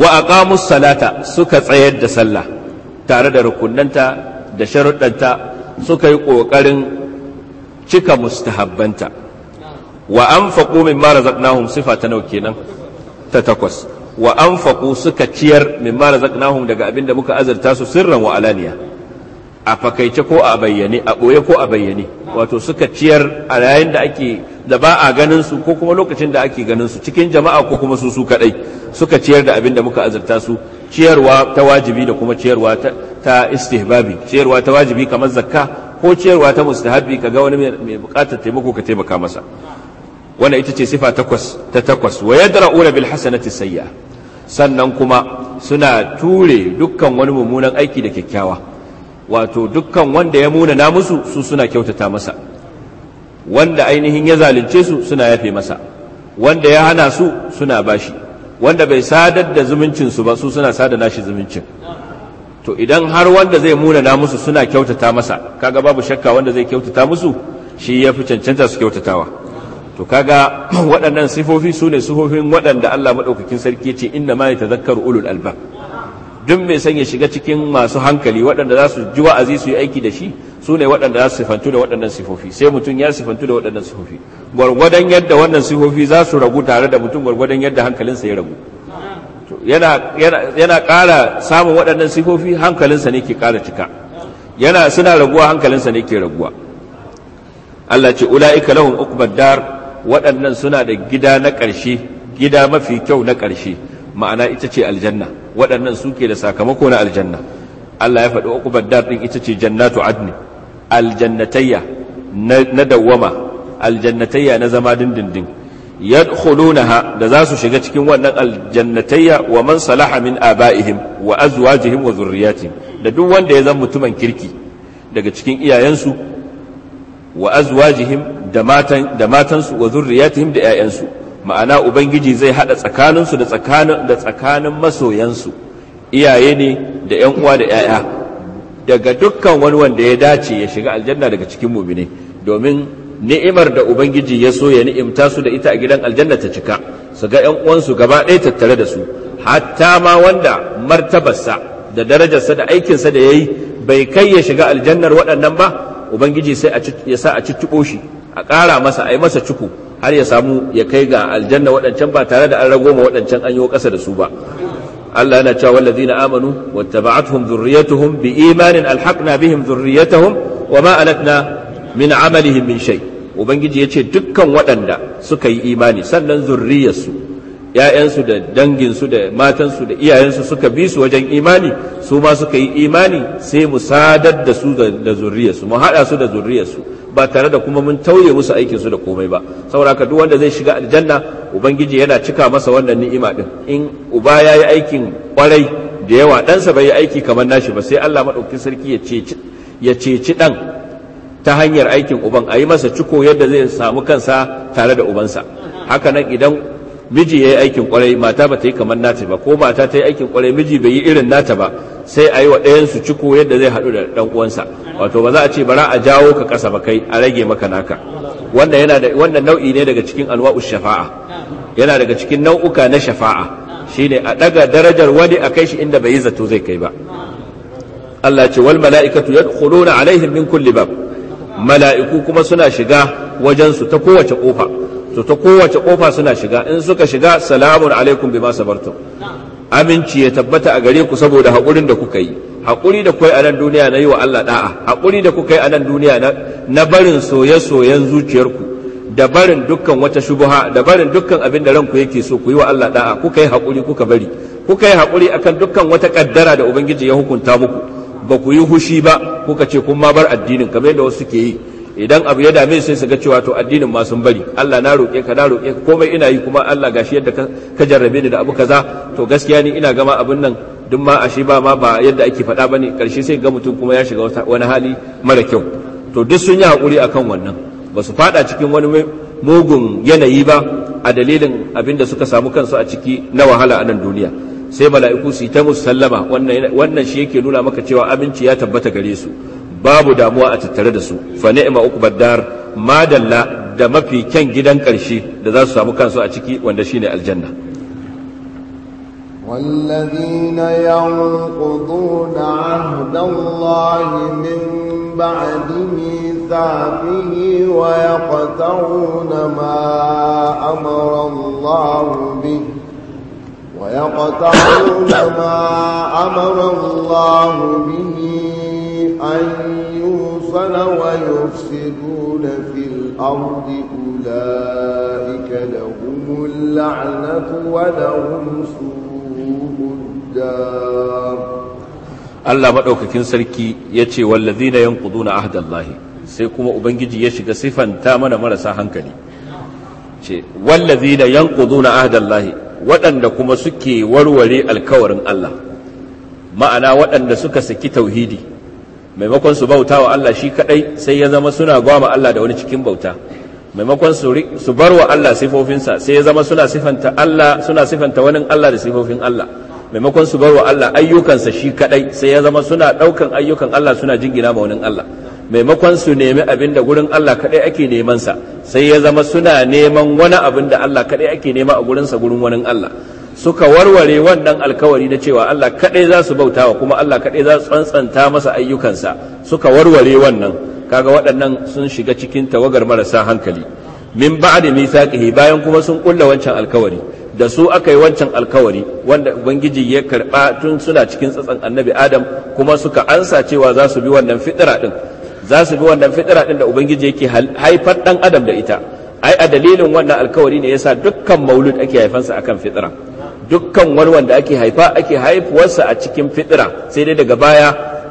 wa salata suka tsayar da sallah tare da rukunanta da sharuɗanta suka yi ƙoƙarin cika mustahabbanta wa mara mimma razaqnahum sifa ta nau kenan ta takwas wa faƙo suka ciyar mimma razaqnahum daga abin da muka azurta su sirran wa alaniya a fakaice ko a bayyane a ɓoye ko a bayyane wato suka ciyar a yayin da ake da ba a ganin su ko kuma lokacin da ake ganin su cikin jama'a ko kuma su su kadai suka ciyar da abin da muka azurta su ciyarwa ta wajibi da kuma ciyarwa ta istihbabi ciyarwa ta wajibi kamar zakka ko ciyarwa ta mustahabi kaga wani mai bukatar taimako ka taimaka masa wannan ita ce sifa takwas ta takwas wa yadra'una bil hasanati sayya sannan kuma suna ture dukkan wani mummunan aiki da kyakkyawa wato dukkan wanda ya muna na musu su suna kyautata masa wanda ainihin ya zalunce su suna yafe masa wanda ya hana su suna bashi wanda bai sadar da zumuncin su ba su suna sada nashi zumuncin to idan har wanda zai muna na musu suna kyautata masa kaga babu shakka wanda zai kyautata musu shi ya fi cancanta su kyautatawa to kaga waɗannan sifofi su ne sifofin waɗanda Allah maɗaukakin sarki ce inna ma ya tazakkaru ulul albab duk mai son ya shiga cikin masu hankali waɗanda za su ji wa'azi su yi aiki da shi su ne waɗanda za su sifantu da waɗannan sifofi sai mutum ya sifantu da waɗannan sifofi gwargwadon yadda wannan sifofi za su ragu tare da mutum gwargwadon yadda hankalinsa ya ragu yana ƙara samun waɗannan sifofi hankalinsa ne ke ƙara cika yana suna raguwa hankalinsa ne ke raguwa Allah ce ula'ika lahum uqbad dar waɗannan suna da gida na ƙarshe gida mafi kyau na ƙarshe ma'ana ita ce aljanna waɗannan suke da sakamako na aljanna Allah ya faɗi ukubar dar din ita ce jannatu adni aljannatayya na dawwama aljannatayya na zama dindindin yadkhulunaha da za su shiga cikin wannan aljannatayya wa man salaha min abaihim wa azwajihim wa zurriyatihim da duk wanda ya zama mutumin kirki daga cikin iyayensu wa azwajihim da matan da matansu wa zurriyatihim da ƴaƴansu ma'ana ubangiji zai hada tsakaninsu da tsakanin da tsakanin masoyansu iyaye ne da ƴan uwa da ƴaƴa daga dukkan wani wanda ya dace ya shiga aljanna daga cikin mu'mini domin ni'imar da ubangiji ya so ya ni'imta su da ita a gidan aljanna ta cika su ga ƴan uwansu gaba ɗaya tattare da su hatta ma wanda martabarsa da darajarsa da aikinsa da ya yi bai kai ya shiga aljannar waɗannan ba ubangiji sai ya sa a cicciɓo shi a ƙara masa a yi masa cuku har ya samu ya kai ga aljanna waɗancan ba tare da an rago ma waɗancan an yi ƙasa da su ba Allah yana cewa wallazina amanu wattaba'atuhum bi imanin alhaqna bihim wa ma alatna min amalihim min shay ubangiji ce dukkan waɗanda suka yi imani sannan zurriyarsu ‘ya'yansu da danginsu da matansu da iyayensu suka bi su wajen imani su ma suka yi imani sai mu sadar da su da zurriyarsu mu haɗa su da zurriyarsu ba tare da kuma mun tauye musu aikinsu da komai ba saboda duk wanda zai shiga aljanna ubangiji yana cika masa wannan ni'ima din in uba ya yi aikin kwarai da yawa ɗansa bai yi aiki kamar nashi ba sai allah maɗauki sarki ya ceci ɗan ta hanyar aikin uban a yi masa ciko yadda zai samu kansa tare da ubansa haka nan idan miji ya yi aikin kwarai mata ba ta yi kamar nata ba ko mata ta yi aikin kwarai miji bai yi irin nata ba sai a yi wa ɗayansu ciko yadda zai haɗu da ɗan uwansa wato ba za a ce bara a jawo ka ƙasa ba kai a rage maka naka wannan yana nau'i ne daga cikin alwa'u shafa'a yana daga cikin nau'uka na shafa'a shine a ɗaga darajar wani a kai shi inda bai yi zato zai kai ba Allah ce wal mala'ikatu yadkhuluna alaihim min kulli bab mala'iku kuma suna shiga wajensu ta kowace kofa to ta kowace kofa suna shiga in suka shiga salamun alaikum bima sabartum aminci ya tabbata a gare ku saboda haƙurin da kuka yi haƙuri da kai a nan duniya na yi wa Allah da'a haƙuri da kuka yi a nan duniya na barin soye-soyen zuciyarku da barin dukkan wata shubuha da barin dukkan abin da ranku yake so ku yi wa Allah da'a kuka yi haƙuri kuka bari kuka yi haƙuri akan dukkan wata kaddara da ubangiji ya hukunta muku ba ku yi hushi ba kuka ce kun ma bar addinin kamar yadda wasu suke yi idan abu ya dame sai su ga cewa to addinin ma sun bari Allah na roƙe ka na roƙe ka komai ina yi kuma Allah gashi yadda ka jarrabe ni da abu kaza to gaskiya ni ina gama abin nan duk ma ashe ba ma ba yadda ake faɗa ne karshe sai ga mutum kuma ya shiga wani hali mara kyau to duk sun yi hakuri akan wannan ba su faɗa cikin wani mugun yanayi ba a dalilin abin da suka samu kansu a ciki na wahala a nan duniya sai mala'iku su yi ta musallama wannan shi yake nuna maka cewa aminci ya tabbata gare su babu damuwa a tattare da su fa ni'ma uqbad dar madalla da mafi kyan gidan ƙarshe da za su samu kansu a ciki wanda shine aljanna والذين ينقضون عهد الله من بعد ميثاقه ويقطعون ما أمر الله به ويقطعون ما أمر الله به أن يوصل ويفسدون في الأرض أولئك لهم اللعنة ولهم سوء الدار Allah maɗaukakin sarki ya ce wallazi na yankuduna ahdallahi sai kuma Ubangiji ya shiga siffanta mana marasa hankali ce wallazi na yankuduna ahdallahi waɗanda kuma suke warware alkawarin Allah ma'ana waɗanda suka saki tauhidi maimakon su bauta wa Allah shi kadai sai ya zama suna gwama Allah da wani cikin bauta maimakon su bar wa Allah sifofinsa sai ya zama suna sifanta Allah suna sifanta wani Allah da sifofin Allah maimakon su bar wa Allah ayyukansa shi kadai sai ya zama suna daukan ayyukan Allah suna jingina ma wani Allah maimakon su nemi abin da gurin Allah kadai ake neman sa sai ya zama suna neman wani abin da Allah kadai ake nema a sa gurin wani Allah suka warware wannan alkawari na cewa Allah kaɗai za su wa kuma Allah kaɗai za su tsantsanta masa ayyukansa suka warware wannan kaga waɗannan sun shiga cikin tawagar marasa hankali min ba'da misaqihi bayan kuma sun kulla wancan alkawari da su aka yi wancan alkawari wanda ubangiji ya karba tun suna cikin tsatsan annabi adam kuma suka ansa cewa za su bi wannan fitira din za su bi wannan fitira din da ubangiji yake haifar dan adam da ita ai a dalilin wannan alkawari ne yasa dukkan maulud ake haifansa akan fitira dukkan wani wanda ake haifa ake haifuwarsa a cikin fitira sai dai daga baya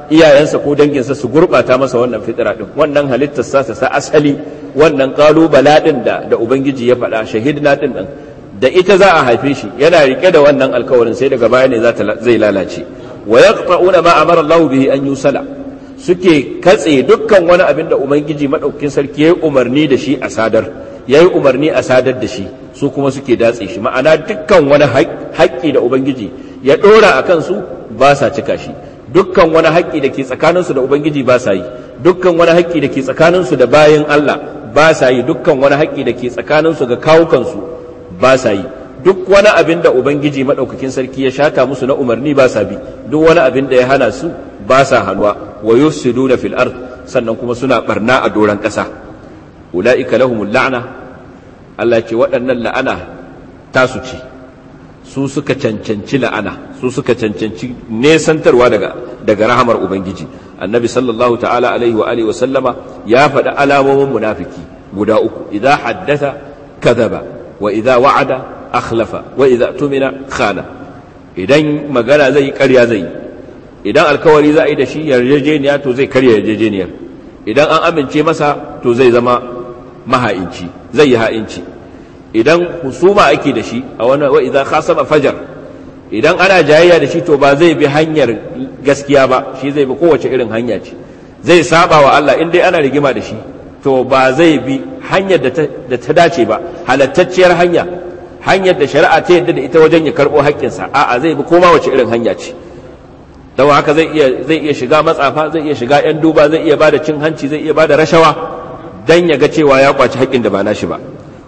iyayensa ko danginsa su gurbata masa wannan fitira din wannan halittar sa sa asali wannan kalubala din da da ubangiji ya faɗa shahidna din din da ita za a haife shi yana rike da wannan alkawarin sai daga baya ne zai lalace wa yaqta'una ma amara Allah bihi an yusala suke katse dukkan wani abin da Ubangiji maɗaukin sarki ya yi umarni da shi a sadar, ya umarni a sadar da shi, su kuma suke datse shi ma'ana dukkan wani haƙƙi da ubangiji ya ɗora a kansu ba sa cika shi dukkan wani haƙƙi da ke tsakaninsu da ubangiji ba sa yi dukkan wani haƙƙi da ke tsakaninsu da bayan allah ba sa yi dukkan wani haƙƙi da ke tsakaninsu ga kawukansu ba sa yi duk wani abin da ubangiji maɗaukakin sarki ya shata musu na umarni ba sa bi duk wani abin da ya hana su ba sa hannuwa wa yusiduna fil ard sannan kuma suna barna a doron ƙasa ulaika lahumul la'na Allah ce waɗannan la'ana tasu ce su suka cancanci la'ana su suka cancanci nesantarwa daga daga rahamar ubangiji annabi sallallahu ta'ala alaihi wa alihi wa sallama ya faɗi alamomin munafiki guda uku idza haddatha kadhaba wa idza wa'ada akhlafa wa idza tumina khana idan magana zai ƙarya zai idan alkawari za a yi da shi yarjejeniya to zai karya yarjejeniyar idan an amince masa to zai zama maha'inci zai yi ha'inci idan husuma ake da shi a wani wa idza khasama fajar idan ana jayayya da shi to ba zai bi hanyar gaskiya ba shi zai bi kowace irin hanya ce zai saba wa Allah in dai ana rigima da shi to ba zai bi hanyar da ta dace ba halattacciyar hanya hanyar da shari'a ta yadda da ita wajen ya karɓo haƙƙinsa a'a zai bi koma wace irin hanya ce don haka zai iya shiga matsafa zai iya shiga 'yan duba zai iya bada cin hanci zai iya bada rashawa dan ya ga cewa ya kwaci haƙƙin da ba nashi ba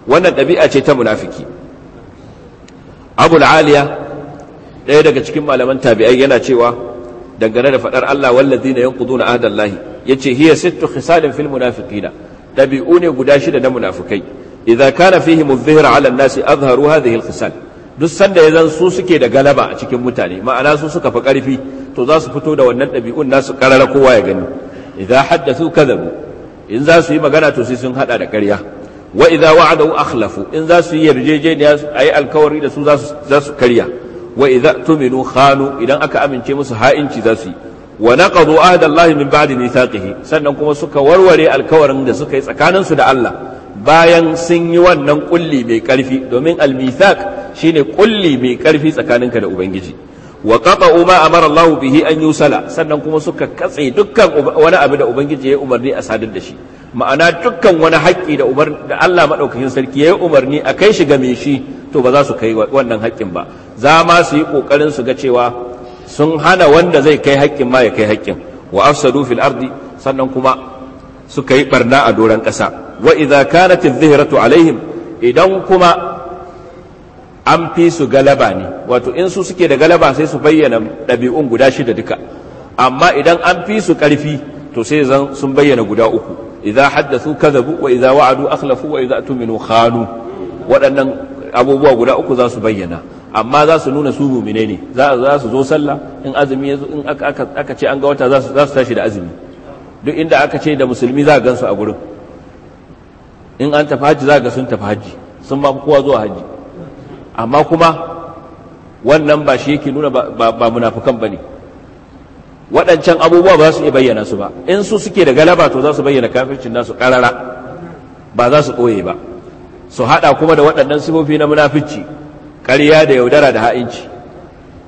wannan ɗabi'a ce ta munafiki abul aliya ɗaya daga cikin malaman tabi'ai yana cewa dangane da faɗar Allah wallazina yanquduna ya ce hiya sittu khisalin fil munafiqina ɗabi'u ne guda shida na munafikai idza kana fihi mudhhir ala an azharu hadhihi al-khisal duk sanda ya zan su suke da galaba a cikin mutane ma'ana su suka fi ƙarfi to za su fito da wannan ɗabi'un nasu karara kowa ya gani idza haddathu kadhabu in za su yi magana to sai sun hada da ƙarya wa idza wa'adu akhlafu in za su yi yarjejeniya ayi alkawari da su za su karya wa idza tuminu khanu idan aka amince musu ha'inci za su yi wa naqadu ahda Allah min ba'di mithaqihi sannan kuma suka warware alkawarin da suka yi tsakanin su da Allah bayan sun yi wannan kulli mai karfi domin al-mithaq shine kulli mai karfi tsakaninka da ubangiji wa qata'u ma amara Allahu bihi an yusala sannan kuma suka katse dukkan wani abu da ubangiji ya umarni a sadar da shi ma'ana dukkan wani haƙƙi da umar da Allah madaukakin sarki ya umarni a kai shi ga me shi to ba za su kai wannan haƙƙin ba za ma su yi kokarin su ga cewa sun hana wanda zai kai haƙƙin ma ya kai haƙƙin wa afsadu fil ardi sannan kuma suka yi barna a doran ƙasa wa idza kanat adh-dhihratu alaihim idan kuma an fi su galaba ne wato in su suke da galaba sai su bayyana ɗabi'un guda shida duka amma idan an fi su ƙarfi to sai zan sun bayyana guda uku idza haddathu kadhabu wa idza wa'adu akhlafu wa idza atuminu khanu waɗannan abubuwa guda uku za su bayyana amma za su nuna su mumine ne za su zo sallah in azumi yazo in aka ce an ga wata za su tashi da azumi duk inda aka ce da musulmi za a gansu a gurin in an tafi haji za ga sun tafi haji sun ma kowa zuwa haji amma kuma wannan ba shi yake nuna ba munafukan ba ne waɗancan abubuwa ba za su iya bayyana su ba in su suke da galaba to za su bayyana kafircin nasu ƙarara ba za su ɓoye ba su haɗa kuma da waɗannan sifofi na munafici ƙarya da yaudara da ha'inci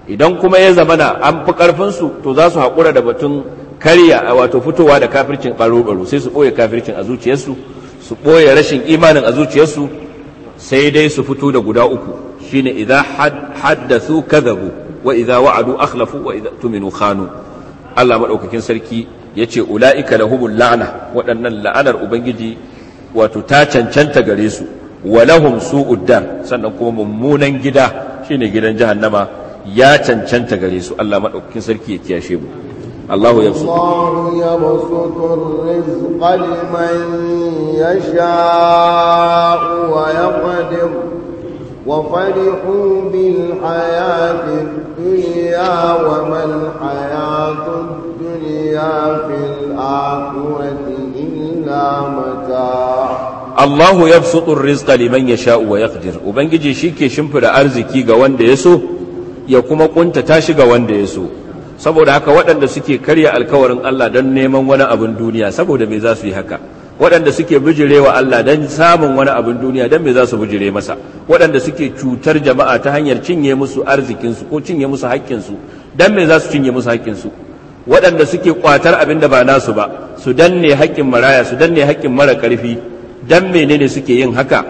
idan kuma ya zamana an fi ƙarfinsu to za su haƙura da batun karya a wato fitowa da kafircin ɓaro-ɓaro sai su ɓoye kafircin a zuciyarsu su ɓoye rashin imanin a zuciyarsu sai dai su fito da guda uku shine idza haddathu kadhabu wa idza wa'adu akhlafu wa idza tuminu khanu Allah madaukakin sarki yace ulaika lahumul la'na waɗannan la'anar ubangiji wato ta cancanta gare su wa lahum su'ud dar sannan kuma mummunan gida shine gidan jahannama ya cancanta gare su Allah madaukakin sarki ya kiyashe mu الله يبسط الله يبسط الرزق لمن يشاء ويقدر وفرحوا بالحياة الدنيا وما الحياة الدنيا في الآخرة إلا متاع Allahu ya fitur rizqa liman ya sha'u wa yaqdir Ubangiji shi ke shimfida arziki ga wanda ya so ya kuma kunta tashi ga wanda ya so saboda haka waɗanda suke karya alkawarin Allah don neman wani abin duniya saboda me za su yi haka waɗanda suke bijire wa Allah don samun wani abin duniya don me za su bijire masa waɗanda suke cutar jama'a ta hanyar cinye musu arzikinsu ko cinye musu haƙƙinsu don me za su cinye musu haƙƙinsu waɗanda suke ƙwatar abin da ba nasu ba su danne haƙƙin maraya su danne haƙƙin mara ƙarfi don menene suke yin haka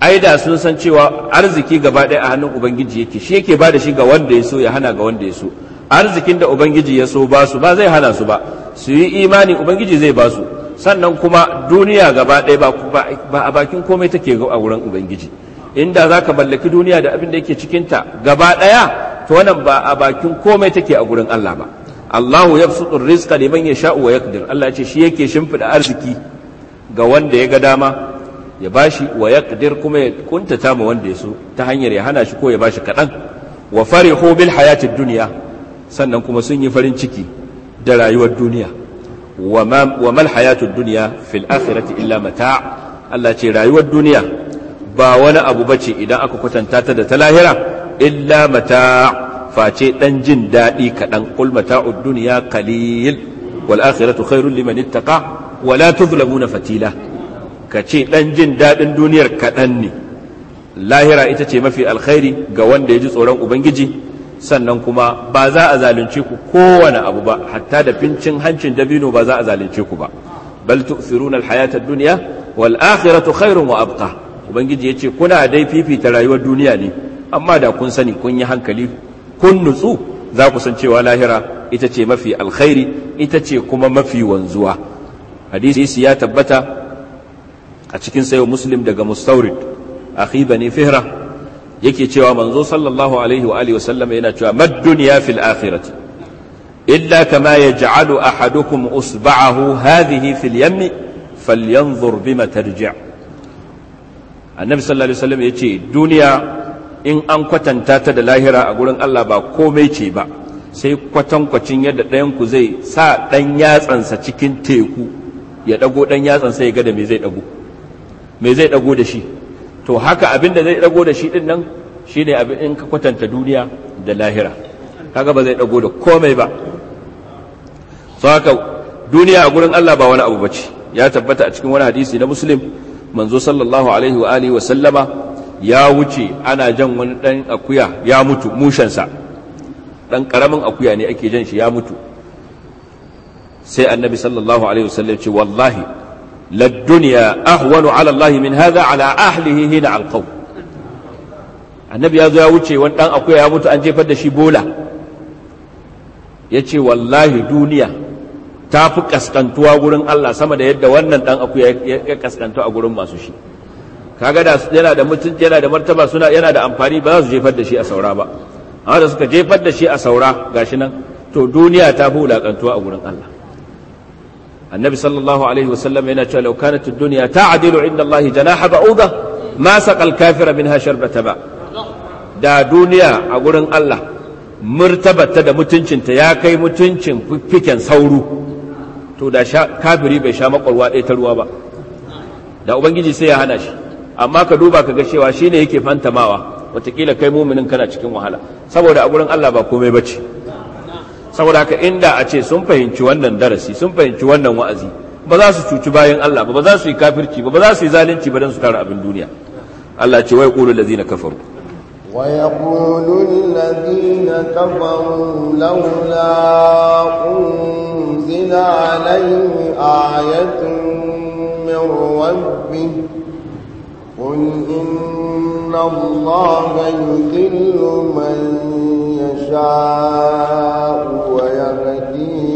ai da sun san cewa arziki gaba ɗaya a hannun ubangiji yake shi yake ba da shi ga wanda ya so ya hana ga wanda ya so arzikin da ubangiji ya so ba su ba zai hana su ba su yi imani ubangiji zai ba su sannan kuma duniya gaba ɗaya ba a bakin komai take a wurin ubangiji inda za ka mallaki duniya da abin da yake cikinta gaba ɗaya to wannan ba a bakin komai take a gurin Allah ba Allahu ya fi rizqa liman ya sha'u wa yaqdir Allah ce shi yake shimfiɗa arziki ga wanda ya ga dama ya bashi wa yaqdir kuma ya kuntata ma wanda ya so ta hanyar ya hana shi ko ya bashi kaɗan wa farihu bil hayatid duniya sannan kuma sun yi farin ciki da rayuwar duniya wa mal hayatud dunya fil akhirati illa mata' Allah ce rayuwar duniya ba wani abu bace idan aka kwatanta ta da ta lahira illa mata' face dan jin dadi kadan qul mata'ud dunya qalil wal akhiratu khairul liman ittaqa wa la tuzlamuna fatila kace dan jin dadin duniyar kadan ne lahira ita ce mafi alkhairi ga wanda ya ji tsoron ubangiji sannan kuma ba za a zalunce ku kowane abu ba hatta da fincin hancin dabino ba za a zalunce ku ba bal tu'thiruna al ad-dunya wal akhiratu khairun wa abqa ubangiji yace kuna dai fifita rayuwar duniya ne amma da kun sani kun yi hankali kun nutsu za ku san cewa lahira ita ce mafi alkhairi ita ce kuma mafi wanzuwa hadisi ya tabbata a cikin sayo muslim daga mustaurid akhi bani fihra yake cewa manzo sallallahu alaihi wa alihi yana cewa mad dunya fil akhirati illa kama yaj'alu ahadukum usba'ahu hadhihi fil yammi falyanzur bima tarji' annabi sallallahu alaihi wasallam yace duniya in an kwatanta ta da lahira a gurin Allah ba komai ce ba sai kwatankwacin yadda ɗayan ku zai sa ɗan yatsansa cikin teku ya ɗago ɗan yatsansa ya ga da me zai ɗago me zai ɗago da shi to haka abin da zai dago da shi din nan shine abin in ka kwatanta duniya da lahira kaga ba zai dago da komai ba so haka duniya a gurin Allah ba wani abu bace ya tabbata a cikin wani hadisi na muslim manzo sallallahu alaihi wa alihi wa sallama ya wuce ana jan wani dan akuya ya mutu mushansa dan karamin akuya ne ake jan shi ya mutu sai annabi sallallahu alaihi sallam ce wallahi للدنيا أهون على الله من هذا على أهله هنا على القوم annabi ya zo ya wuce wani dan akuya ya mutu an jefar da shi bola ya ce wallahi duniya ta fi kaskantuwa gurin Allah sama da yadda wannan dan akuya ya kaskantu a gurin masu shi kaga da yana da mutunci yana da martaba yana da amfani ba za su jefar da shi a saura ba amma da suka da shi a saura nan to duniya ta fi wulakantuwa a wurin Allah annabi sallallahu alaihi wasallam yana cewa law kanat ad-dunya ta'dilu inda Allah janaha ba'udha ma saqal kafira minha sharbata ba da duniya a gurin Allah murtabata da mutuncinta ya kai mutuncin fiken sauro to da kafiri bai sha makwarwa ɗaya ta ruwa ba da ubangiji sai ya hana shi amma ka duba ka ga cewa shine yake fantamawa watakila kai muminin kana cikin wahala saboda a gurin Allah ba komai bace saboda haka inda a ce sun fahimci wannan darasi sun fahimci wannan wa'azi ba za su cuci bayan Allah ba ba za su yi kafirci ba ba za su yi zalunci ba don su tara abin duniya Allah ce wai qulul ladina kafaru wa yaqulul ladina kafaru laula unzila alayhi ayatun min rabbi qul inna allaha yudillu man يشاء ويهدي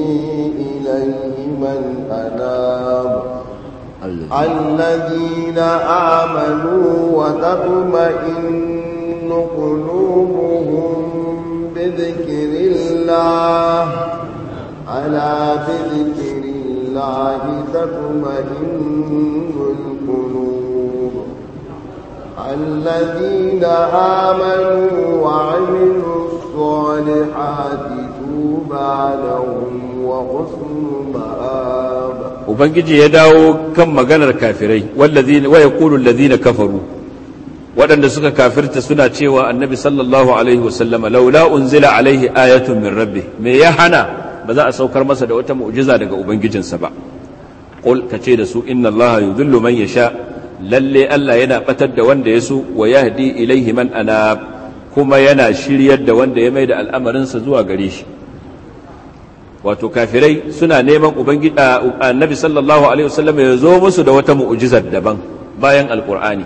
إليه من أناب الذين آمنوا وتطمئن قلوبهم بذكر الله على بذكر الله تطمئن القلوب الذين آمنوا وعملوا الصالحات توبى لهم وحسن مآب Ubangiji ya dawo kan maganar kafirai, waya kulun lazina kafaru, waɗanda suka kafirta suna cewa annabi sallallahu Alaihi wasallama, laula unzila alaihi ayatun min rabbi, me ya hana ba za a saukar masa da wata mu'jiza daga Ubangijinsa ba. Ƙul ka ce da su, inna Allah yudhillu man yasha, lalle Allah yana ɓatar da wanda ya so wa yahdi ilaihi man anab kuma yana shiryar da wanda ya mai da al'amarinsa zuwa gare shi wato kafirai suna neman annabi sallallahu alaihi wasallam ya zo musu da wata mu'ujizar daban bayan alkur'ani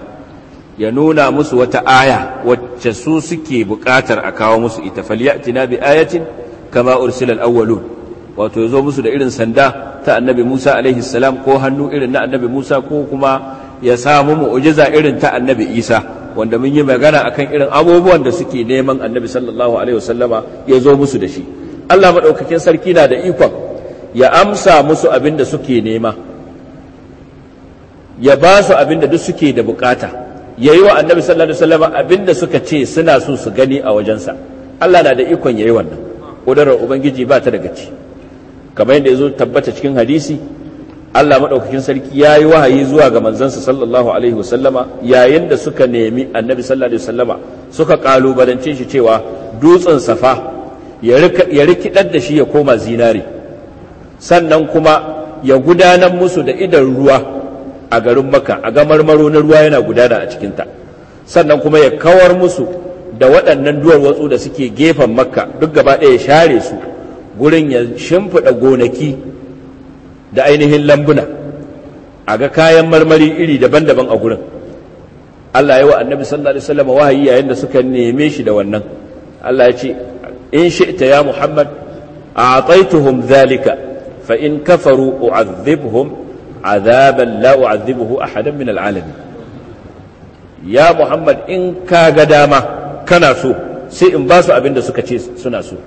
ya nuna musu wata aya wacce su suke buƙatar a kawo musu ita falyatina bi ayatin kama ursila al-awwalun wato ya zo musu da irin sanda ta annabi Musa alaihi salam ko hannu irin na annabi Musa ko kuma ya samu mu'ujiza irin ta annabi Isa wanda mun yi magana akan irin abubuwan da suke neman annabi sallallahu alaihi wasallama ya zo musu da shi Allah maɗaukakin sarki na da ikon ya amsa musu abin da suke nema ya ba su abin da duk suke da bukata ya yi wa annabi sallallahu alaihi wasallama abin da suka ce suna so su gani a wajensa Allah na da ikon ya yi wannan ƙudurar ubangiji ba ta daga ci kamar yadda ya zo tabbata cikin hadisi Allah maɗaukakin sarki ya yi wahayi zuwa ga manzansa sallallahu alaihi wasallama yayin da suka nemi annabi sallallahu alaihi wasallama suka kalubalance shi cewa dutsen safa ya rikidar da shi ya koma zinari sannan kuma ya gudanar musu da idan ruwa a garin makka a ga marmaro na ruwa yana gudana a cikinta sannan kuma ya kawar musu da waɗannan duwar da suke gefen makka duk gaba ɗaya ya share su gurin ya shimfiɗa gonaki da ainihin lambuna a ga kayan marmari iri daban-daban a gurin Allah ya wa annabi sallallahu alaihi wasallam wahayi yayin da suka neme shi da wannan Allah ya ce in shi'ta ya Muhammad a'taituhum dhalika fa in kafaru u'adhibhum azaban la u'adhibuhu ahadan min al'alamin ya Muhammad in ka ga dama kana so sai in ba su abin da suka ce suna so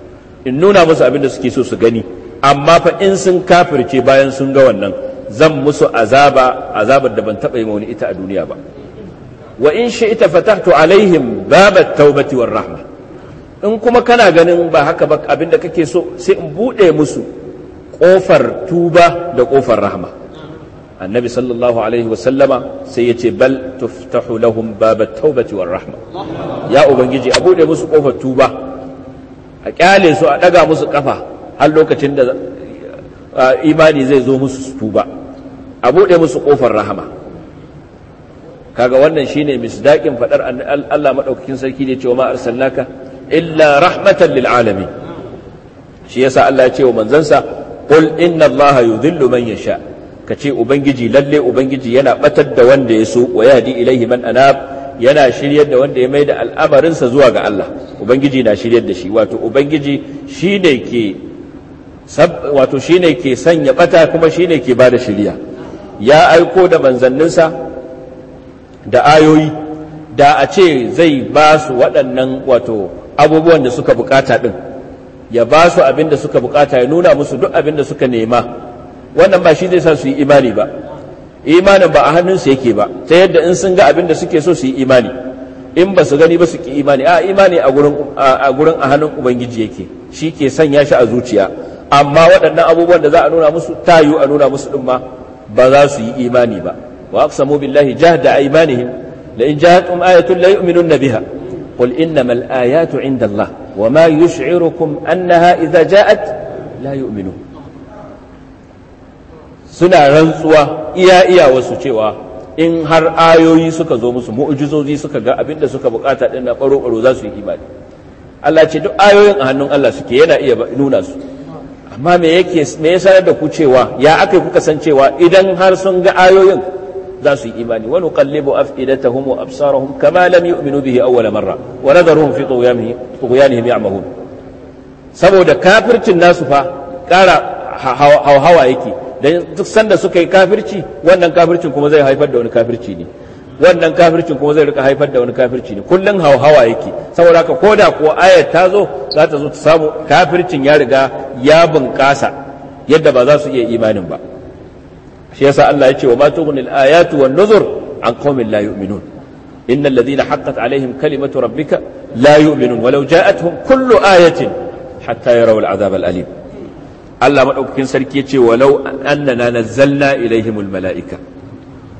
in nuna musu abin da suke so su gani amma fa in sun kafirce bayan sun ga wannan zan musu azaba azabar da ban taɓa yi wani ita a duniya ba wa in shi ita fatahtu alaihim babat taubati war rahma in kuma kana ganin ba haka ba abinda kake so sai in buɗe musu ƙofar tuba da kofar rahma annabi sallallahu alaihi wasallama sai ya ce bal tuftahu lahum babat taubati war rahma ya ubangiji a buɗe musu kofar tuba a ƙyale su a ɗaga musu ƙafa har lokacin da imani zai zo musu su tuba a buɗe musu ƙofar rahama kaga wannan shine misdaƙin faɗar Allah maɗaukakin sarki ne cewa ma arsalnaka illa rahmatan lil alamin shi yasa Allah ya ce wa manzansa qul inna Allah yudhillu man yasha kace ubangiji lalle ubangiji yana batar da wanda ya so wa yadi ilaihi man anab yana shiryar da wanda ya maida al'amarinsa zuwa ga Allah ubangiji na shiryar da shi wato ubangiji shine ke wato shine ke sanya bata kuma shine ke bada shirya ya aiko da manzanninsa da ayoyi da a ce zai ba su waɗannan wato abubuwan da suka bukata din ya ba su abin da suka bukata ya nuna musu duk abin da suka nema wannan ba shi zai sa su yi imani ba imanin ba a hannunsu yake ba ta yadda in sun ga abin da suke so su yi imani in ba su gani ba su ki imani a imani a gurin a hannun ubangiji yake shi ke sanya shi a zuciya amma waɗannan abubuwan da za a nuna musu ta yiwu a nuna musu ɗin ma ba za su yi imani ba wa aqsamu billahi jahda aymanihim la in jahatum ayatun la yu'minunna biha qul innamal ayatu 'inda Allah wa ma yush'irukum annaha idza ja'at la yu'minun suna rantsuwa iya iya wasu cewa in har ayoyi suka zo musu mu'jizozi suka ga abinda suka bukata din na baro baro za su yi imani Allah ce duk ayoyin a hannun Allah suke yana iya nuna su amma me yake me ya sanar da ku cewa ya aka kuka san cewa idan har sun ga ayoyin za su yi imani wa nuqallibu afidatahum wa absarahum kama lam yu'minu bihi awwal marra wa nadharuhum fi tughyanihim ya'mahun saboda kafircin nasu fa kara hauhawa yake dan duk sanda suka yi kafirci wannan kafircin kuma zai haifar da wani kafirci ne wannan kafircin kuma zai rika haifar da wani kafirci ne kullum hauhawa yake saboda ko koda ko ayat ta zo za ta zo ta samu kafircin ya riga ya bunƙasa yadda ba za su iya imanin ba shi yasa Allah ya ce wa ma tughnil ayatu wan nuzur an qaumin la yu'minun innal ladina haqqat alaihim kalimatu rabbika la yu'minun walau ja'atuhum kullu ayatin hatta yarawul azab al alim Allah madaukakin sarki ya ce walau annana nazzalna ilaihimul mala'ika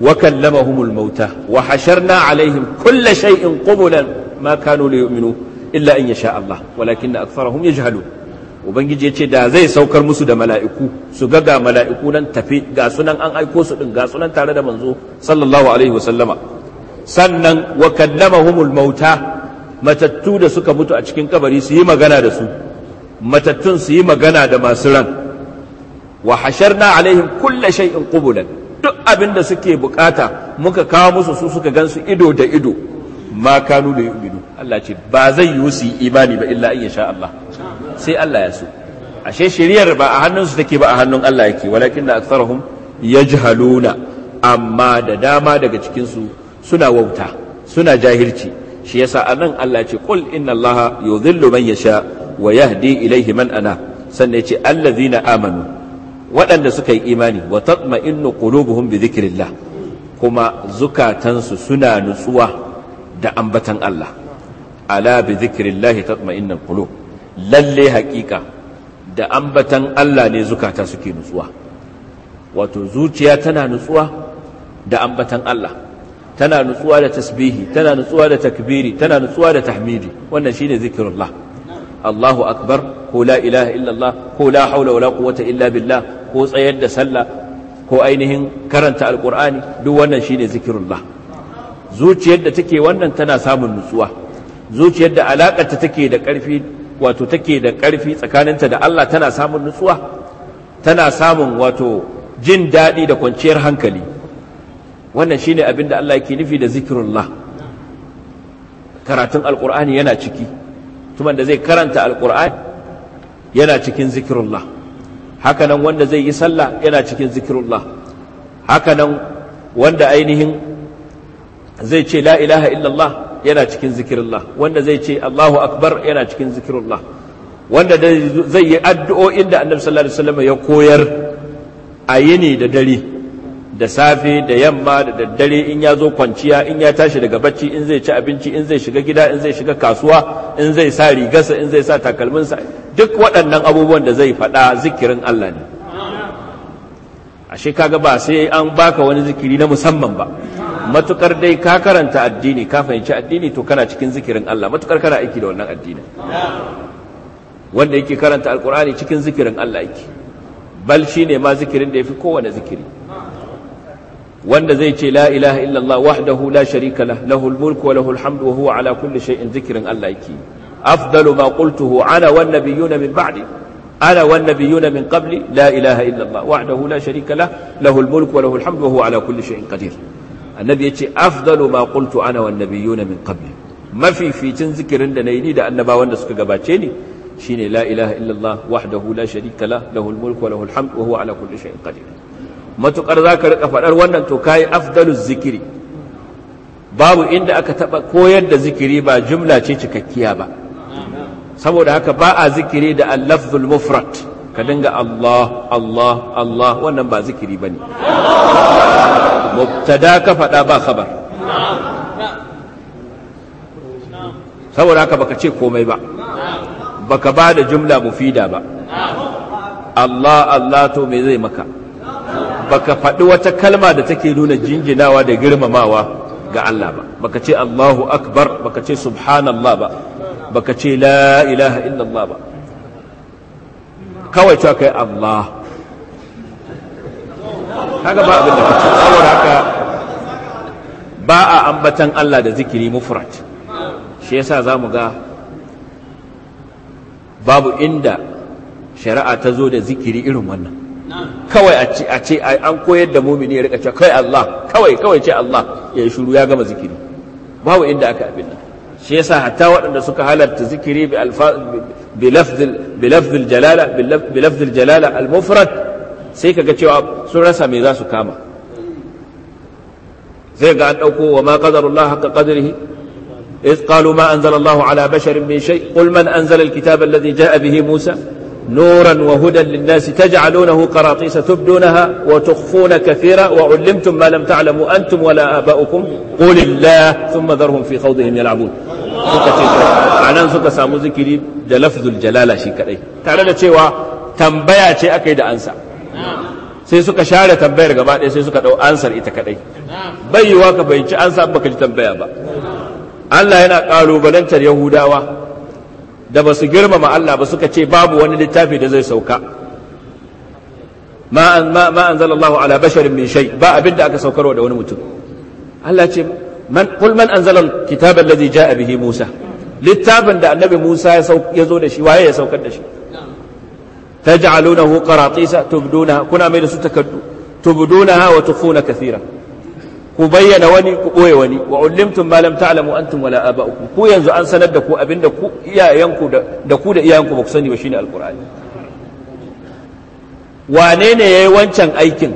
wa kallamahumul mauta wa hasharna alaihim kulla shay'in qublan ma kanu liyu'minu illa in yasha Allah walakin aktharuhum yajhalun ubangiji ya ce da zai saukar musu da mala'iku su ga mala'iku nan tafi ga sunan an aiko su ɗin ga sunan tare da manzo sallallahu alaihi wasallama sannan wa kallamahumul mauta matattu da suka mutu a cikin kabari su yi magana da su matattun su yi magana da masu ran wa hasharna alaihim kulla shay'in qublan duk abin da suke bukata muka kawo musu su suka gansu ido da ido ma kanu da yu'minu Allah ce ba zai yi su imani ba illa in sha Allah sai Allah ya so ashe shiriyar ba a hannunsu take ba a hannun Allah yake walakin da aktsarhum yajhaluna amma da dama daga cikin su suna wauta suna jahilci shi yasa anan Allah ce qul inna allah yudhillu man yasha wa yahdi ilayhi man ana sannan ya ce allazina amanu waɗanda suka yi imani wa tatma'innu qulubuhum bi dhikrillah kuma zukatansu suna nutsuwa da ambatan Allah ala bi dhikrillah tatma'innul qulub lalle haƙiƙa da ambatan Allah ne zukata suke nutsuwa wato zuciya tana nutsuwa da ambatan Allah tana nutsuwa da tasbihi tana nutsuwa da takbiri tana nutsuwa da tahmidi wannan shine zikirullah Allahu akbar ko la ilaha illallah ko la haula wala quwwata illa billah ko tsayar da sallah ko ainihin karanta alkur'ani duk wannan shine zikirullah zuciyar da take wannan tana samun nutsuwa zuciyar da ta take da ƙarfi wato take da ƙarfi tsakaninta da Allah tana samun nutsuwa tana samun wato jin daɗi da kwanciyar hankali wannan shine abin da Allah yake nufi da zikirullah karatun alkur'ani yana ciki tuman da zai karanta alkur'ani yana cikin zikirullah hakanan wanda zai yi sallah yana cikin zikirullah hakanan wanda ainihin zai ce la ilaha illallah yana cikin zikirullah wanda zai ce Allahu akbar yana cikin zikirullah wanda zai yi addu'o'in da annabi sallallahu alaihi wasallam ya koyar a yini da dare da safe da yamma da daddare in ya zo kwanciya in ya tashi daga bacci in zai ci abinci in zai shiga gida in zai shiga kasuwa in zai sa rigarsa in zai sa takalminsa duk waɗannan abubuwan da zai faɗa zikirin Allah ne ashe kaga ba sai an baka wani zikiri na musamman ba matukar dai ka karanta addini ka fahimci addini to kana cikin zikirin Allah matukar kana aiki da wannan addini wanda yake karanta alkur'ani cikin zikirin Allah yake bal shine ma zikirin da ya fi kowane zikiri wanda zai ce la ilaha illallah wahdahu la sharika lah lahul mulku wa lahul hamdu wa huwa ala kulli shay'in zikirin Allah yake أفضل ما قلته أنا والنبيون من بعدي أنا والنبيون من قبلي لا إله إلا الله وحده لا شريك له له الملك وله الحمد وهو على كل شيء قدير النبي يتي أفضل ما قلت أنا والنبيون من قبلي ما في في تنذكر لنا ينيد أن ما وندسك قباتيني شيني لا إله إلا الله وحده لا شريك له له الملك وله الحمد وهو على كل شيء قدير ما تقر ذاك فأر وانا تكاي أفضل الذكر babu inda aka taba koyar da zikiri ba jumla ce cikakkiya ba saboda haka ba a zikiri da al-lafzul mufrad ka dinga Allah Allah Allah wannan ba zikiri bane mubtada ka fada ba khabar saboda haka baka ce komai ba baka ba da jumla mufida ba Allah Allah to me zai maka baka faɗi wata kalma da take nuna jinjinawa da girmamawa ga Allah ba baka ce Allahu akbar baka ce subhanallah ba baka ce la ilaha illallah ba kawai cewa kai Allah kaga ba abin da kace saboda haka ba a ambatan Allah da zikiri mufrad shi yasa zamu ga babu inda shari'a ta zo da zikiri irin wannan kawai a ce an koyar da mumini ya rika cewa kai Allah kawai kawai ce Allah ya shuru ya gama zikiri babu inda aka abin nan shi yasa hatta waɗanda suka halarta zikiri بلفظ بلفظ الجلالة jalala al-mufrad sai kaga cewa sun rasa me za su kama sai ga an ɗauko wa ma qadarullah haqqa qadrihi إذ قالوا ما أنزل الله على بشر من شيء قل من أنزل الكتاب الذي جاء به موسى نورا وهدى للناس تجعلونه قراطيس تبدونها وتخفون كثيرا وعلمتم ما لم تعلموا أنتم ولا آباؤكم قل الله ثم ذرهم في خوضهم يلعبون suka ce to anan suka samu zikiri da lafzul jalala shi kadai tare da cewa tambaya ce aka yi da ansa sai suka share tambayar gaba ɗaya sai suka ɗau ansar ita kadai bai waka ka fahimci ansa baka ji tambaya ba Allah yana ƙalubalantar Yahudawa da ba su girmama Allah ba suka ce babu wani littafi da zai sauka ma anzalallahu ala basharin min shay ba abinda aka saukarwa da wani mutum Allah ce man kul man anzala alkitaba allazi jaa bihi musa littafin da annabi musa ya zo da shi waye ya saukar da shi taj'alunahu qaratisa tubduna kuna mai da su takaddu tubdunaha wa tukhuna kathira ku bayyana wani ku ɓoye wani wa ulimtum ma lam ta'lamu antum wala aba'ukum ku yanzu an sanar da ku abinda ku iyayenku da ku da iyayenku ba ku sani ba wane ne yayi wancan aikin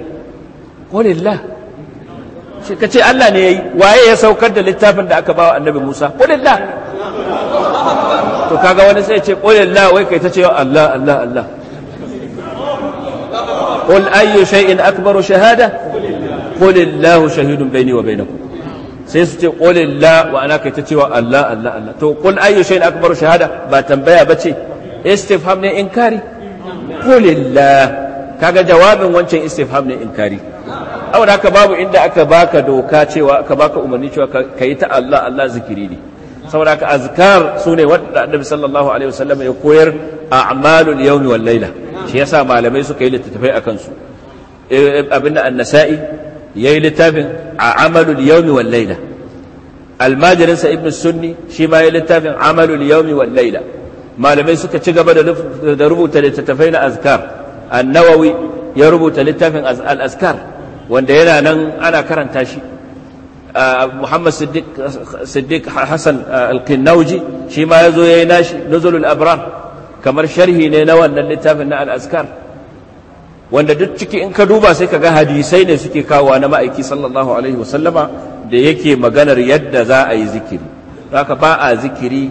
qulillah shi ka ce Allah ne ya yi. waye ya saukar da littafin da aka ba wa annabi Musa qulillah to kaga wani sai ce qulillah wai kai ta ce Allah Allah Allah qul ayyu shay'in akbaru shahada qulillahu shahidun baini wa bainakum sai su ce qulillah wa ana kai ta cewa Allah Allah Allah to qul ayyu shay'in akbaru shahada ba tambaya bace istifham ne inkari qulillah kaga jawabin wancan istifham ne inkari saboda haka babu inda aka baka doka cewa aka baka umarni cewa ka yi ta Allah Allah zikiri ne saboda haka azkar su ne wadda annabi sallallahu alaihi wasallam ya koyar a amalul yawmi wal laila shi yasa malamai suka yi littattafai akan su eh, abinda an-nasa'i yayi littafin a amalul yawmi wal laila almajirin sa ibn sunni shi ma yayi littafin amalul yawmi wal laila malamai suka ci gaba da rubuta littattafai na azkar an-nawawi ya rubuta littafin al-azkar wanda yana nan ana karanta shi Muhammad Siddiq Hassan Al-Qinnauji shi ma ya zo ya yi nashi Nuzulul Abrar kamar sharhi ne na wannan littafin na al wanda duk ciki in ka duba sai ka ga hadisai ne suke kawowa na ma'aiki sallallahu alaihi wasallama da yake maganar yadda za a yi zikiri haka ba a zikiri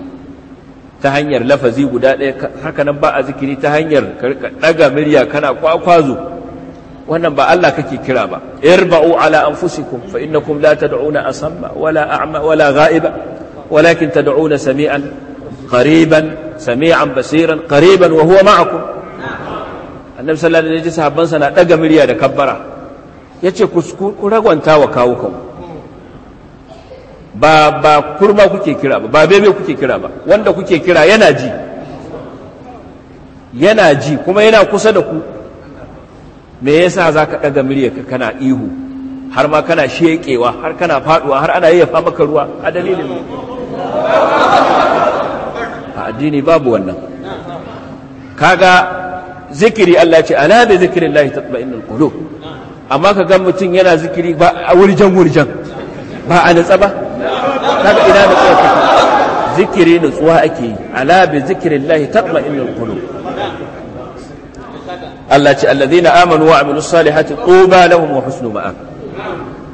ta hanyar lafazi guda ɗaya haka nan ba a zikiri ta hanyar ɗaga murya kana kwakwazo wannan ba Allah kake kira ba irba'u ala anfusikum fa innakum la tad'una asamma wala a'ma wala gha'iba walakin tad'una sami'an qariban sami'an basiran qariban wa huwa ma'akum annabi sallallahu alaihi wasallam sahabban sa na daga murya da kabbara yace ku ragwanta wa kawo kawo ba ba kurma kuke kira ba ba bebe kuke kira ba wanda kuke kira yana ji yana ji kuma yana kusa da ku me yasa za ka ɗaga muryarka kana ihu har ma kana sheƙewa har kana faɗuwa har ana yayyafa maka ruwa a dalilin a addini babu wannan kaga zikiri Allah ce ala bi zikrillahi tatma'innul kudu amma ka ga mutum yana zikiri ba a wurjan wurjan ba a nutsa ba kaga ina da kake zikiri nutsuwa ake yi ala bi taɓa tatma'innul kudu. Allah ce allazina amanu wa amilus salihati tuba lahum wa husnu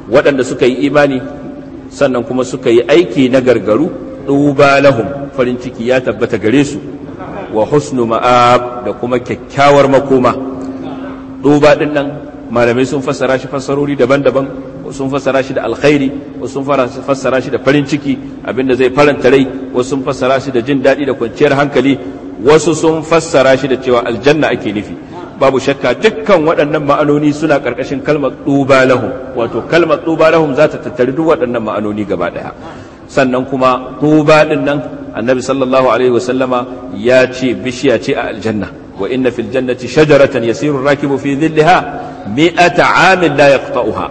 waɗanda suka yi imani sannan kuma suka yi aiki na gargaru tuba lahum farin ciki ya tabbata gare su wa husnu ma'ab da kuma kyakkyawar makoma duba din nan malamai sun fassara shi fassarori daban-daban sun fassara shi da alkhairi wasu sun fassara shi da farin ciki abinda zai faranta rai wasu sun fassara shi da jin daɗi da kwanciyar hankali wasu sun fassara shi da cewa aljanna ake nufi babu shakka dukkan waɗannan ma'anoni suna ƙarƙashin kalmar duba wato kalmar duba lahum za ta tattari duk waɗannan ma'anoni gaba ɗaya sannan kuma duba ɗin nan annabi sallallahu alaihi wasallama ya ce bishiya ce a aljanna wa inna fil jannati shajaratan yasiru rakibu fi dhillaha mi'ata amin la yaqta'uha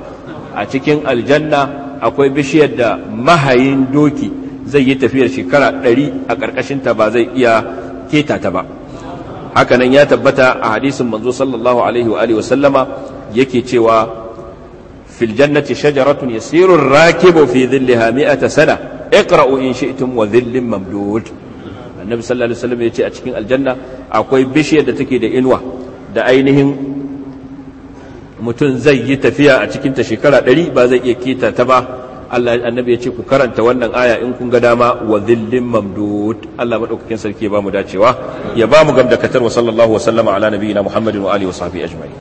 a cikin aljanna akwai bishiyar da mahayin doki zai yi tafiyar shekara ɗari a ta ba zai iya keta ta ba hakanan ya tabbata a hadisin manzo sallallahu alaihi wa alihi sallama yake cewa fil jannati shajaratun yasirur rakibu fi dhillaha mi'ata sana iqra'u in shi'tum wa dhillin mamdud annabi sallallahu alaihi wasallam yace a cikin aljanna akwai bishiyar da take da inuwa da ainihin mutum zai yi tafiya a cikin ta shekara 100 ba zai iya kita ta ba Allah annabi ya ce ku karanta wannan aya in kun ga dama wa dhillin mamdud Allah madaukakin sarki ya bamu dacewa ya bamu gamdakatar wa sallallahu wa sallama ala nabiyina Muhammadin wa alihi wa sahbihi ajma'in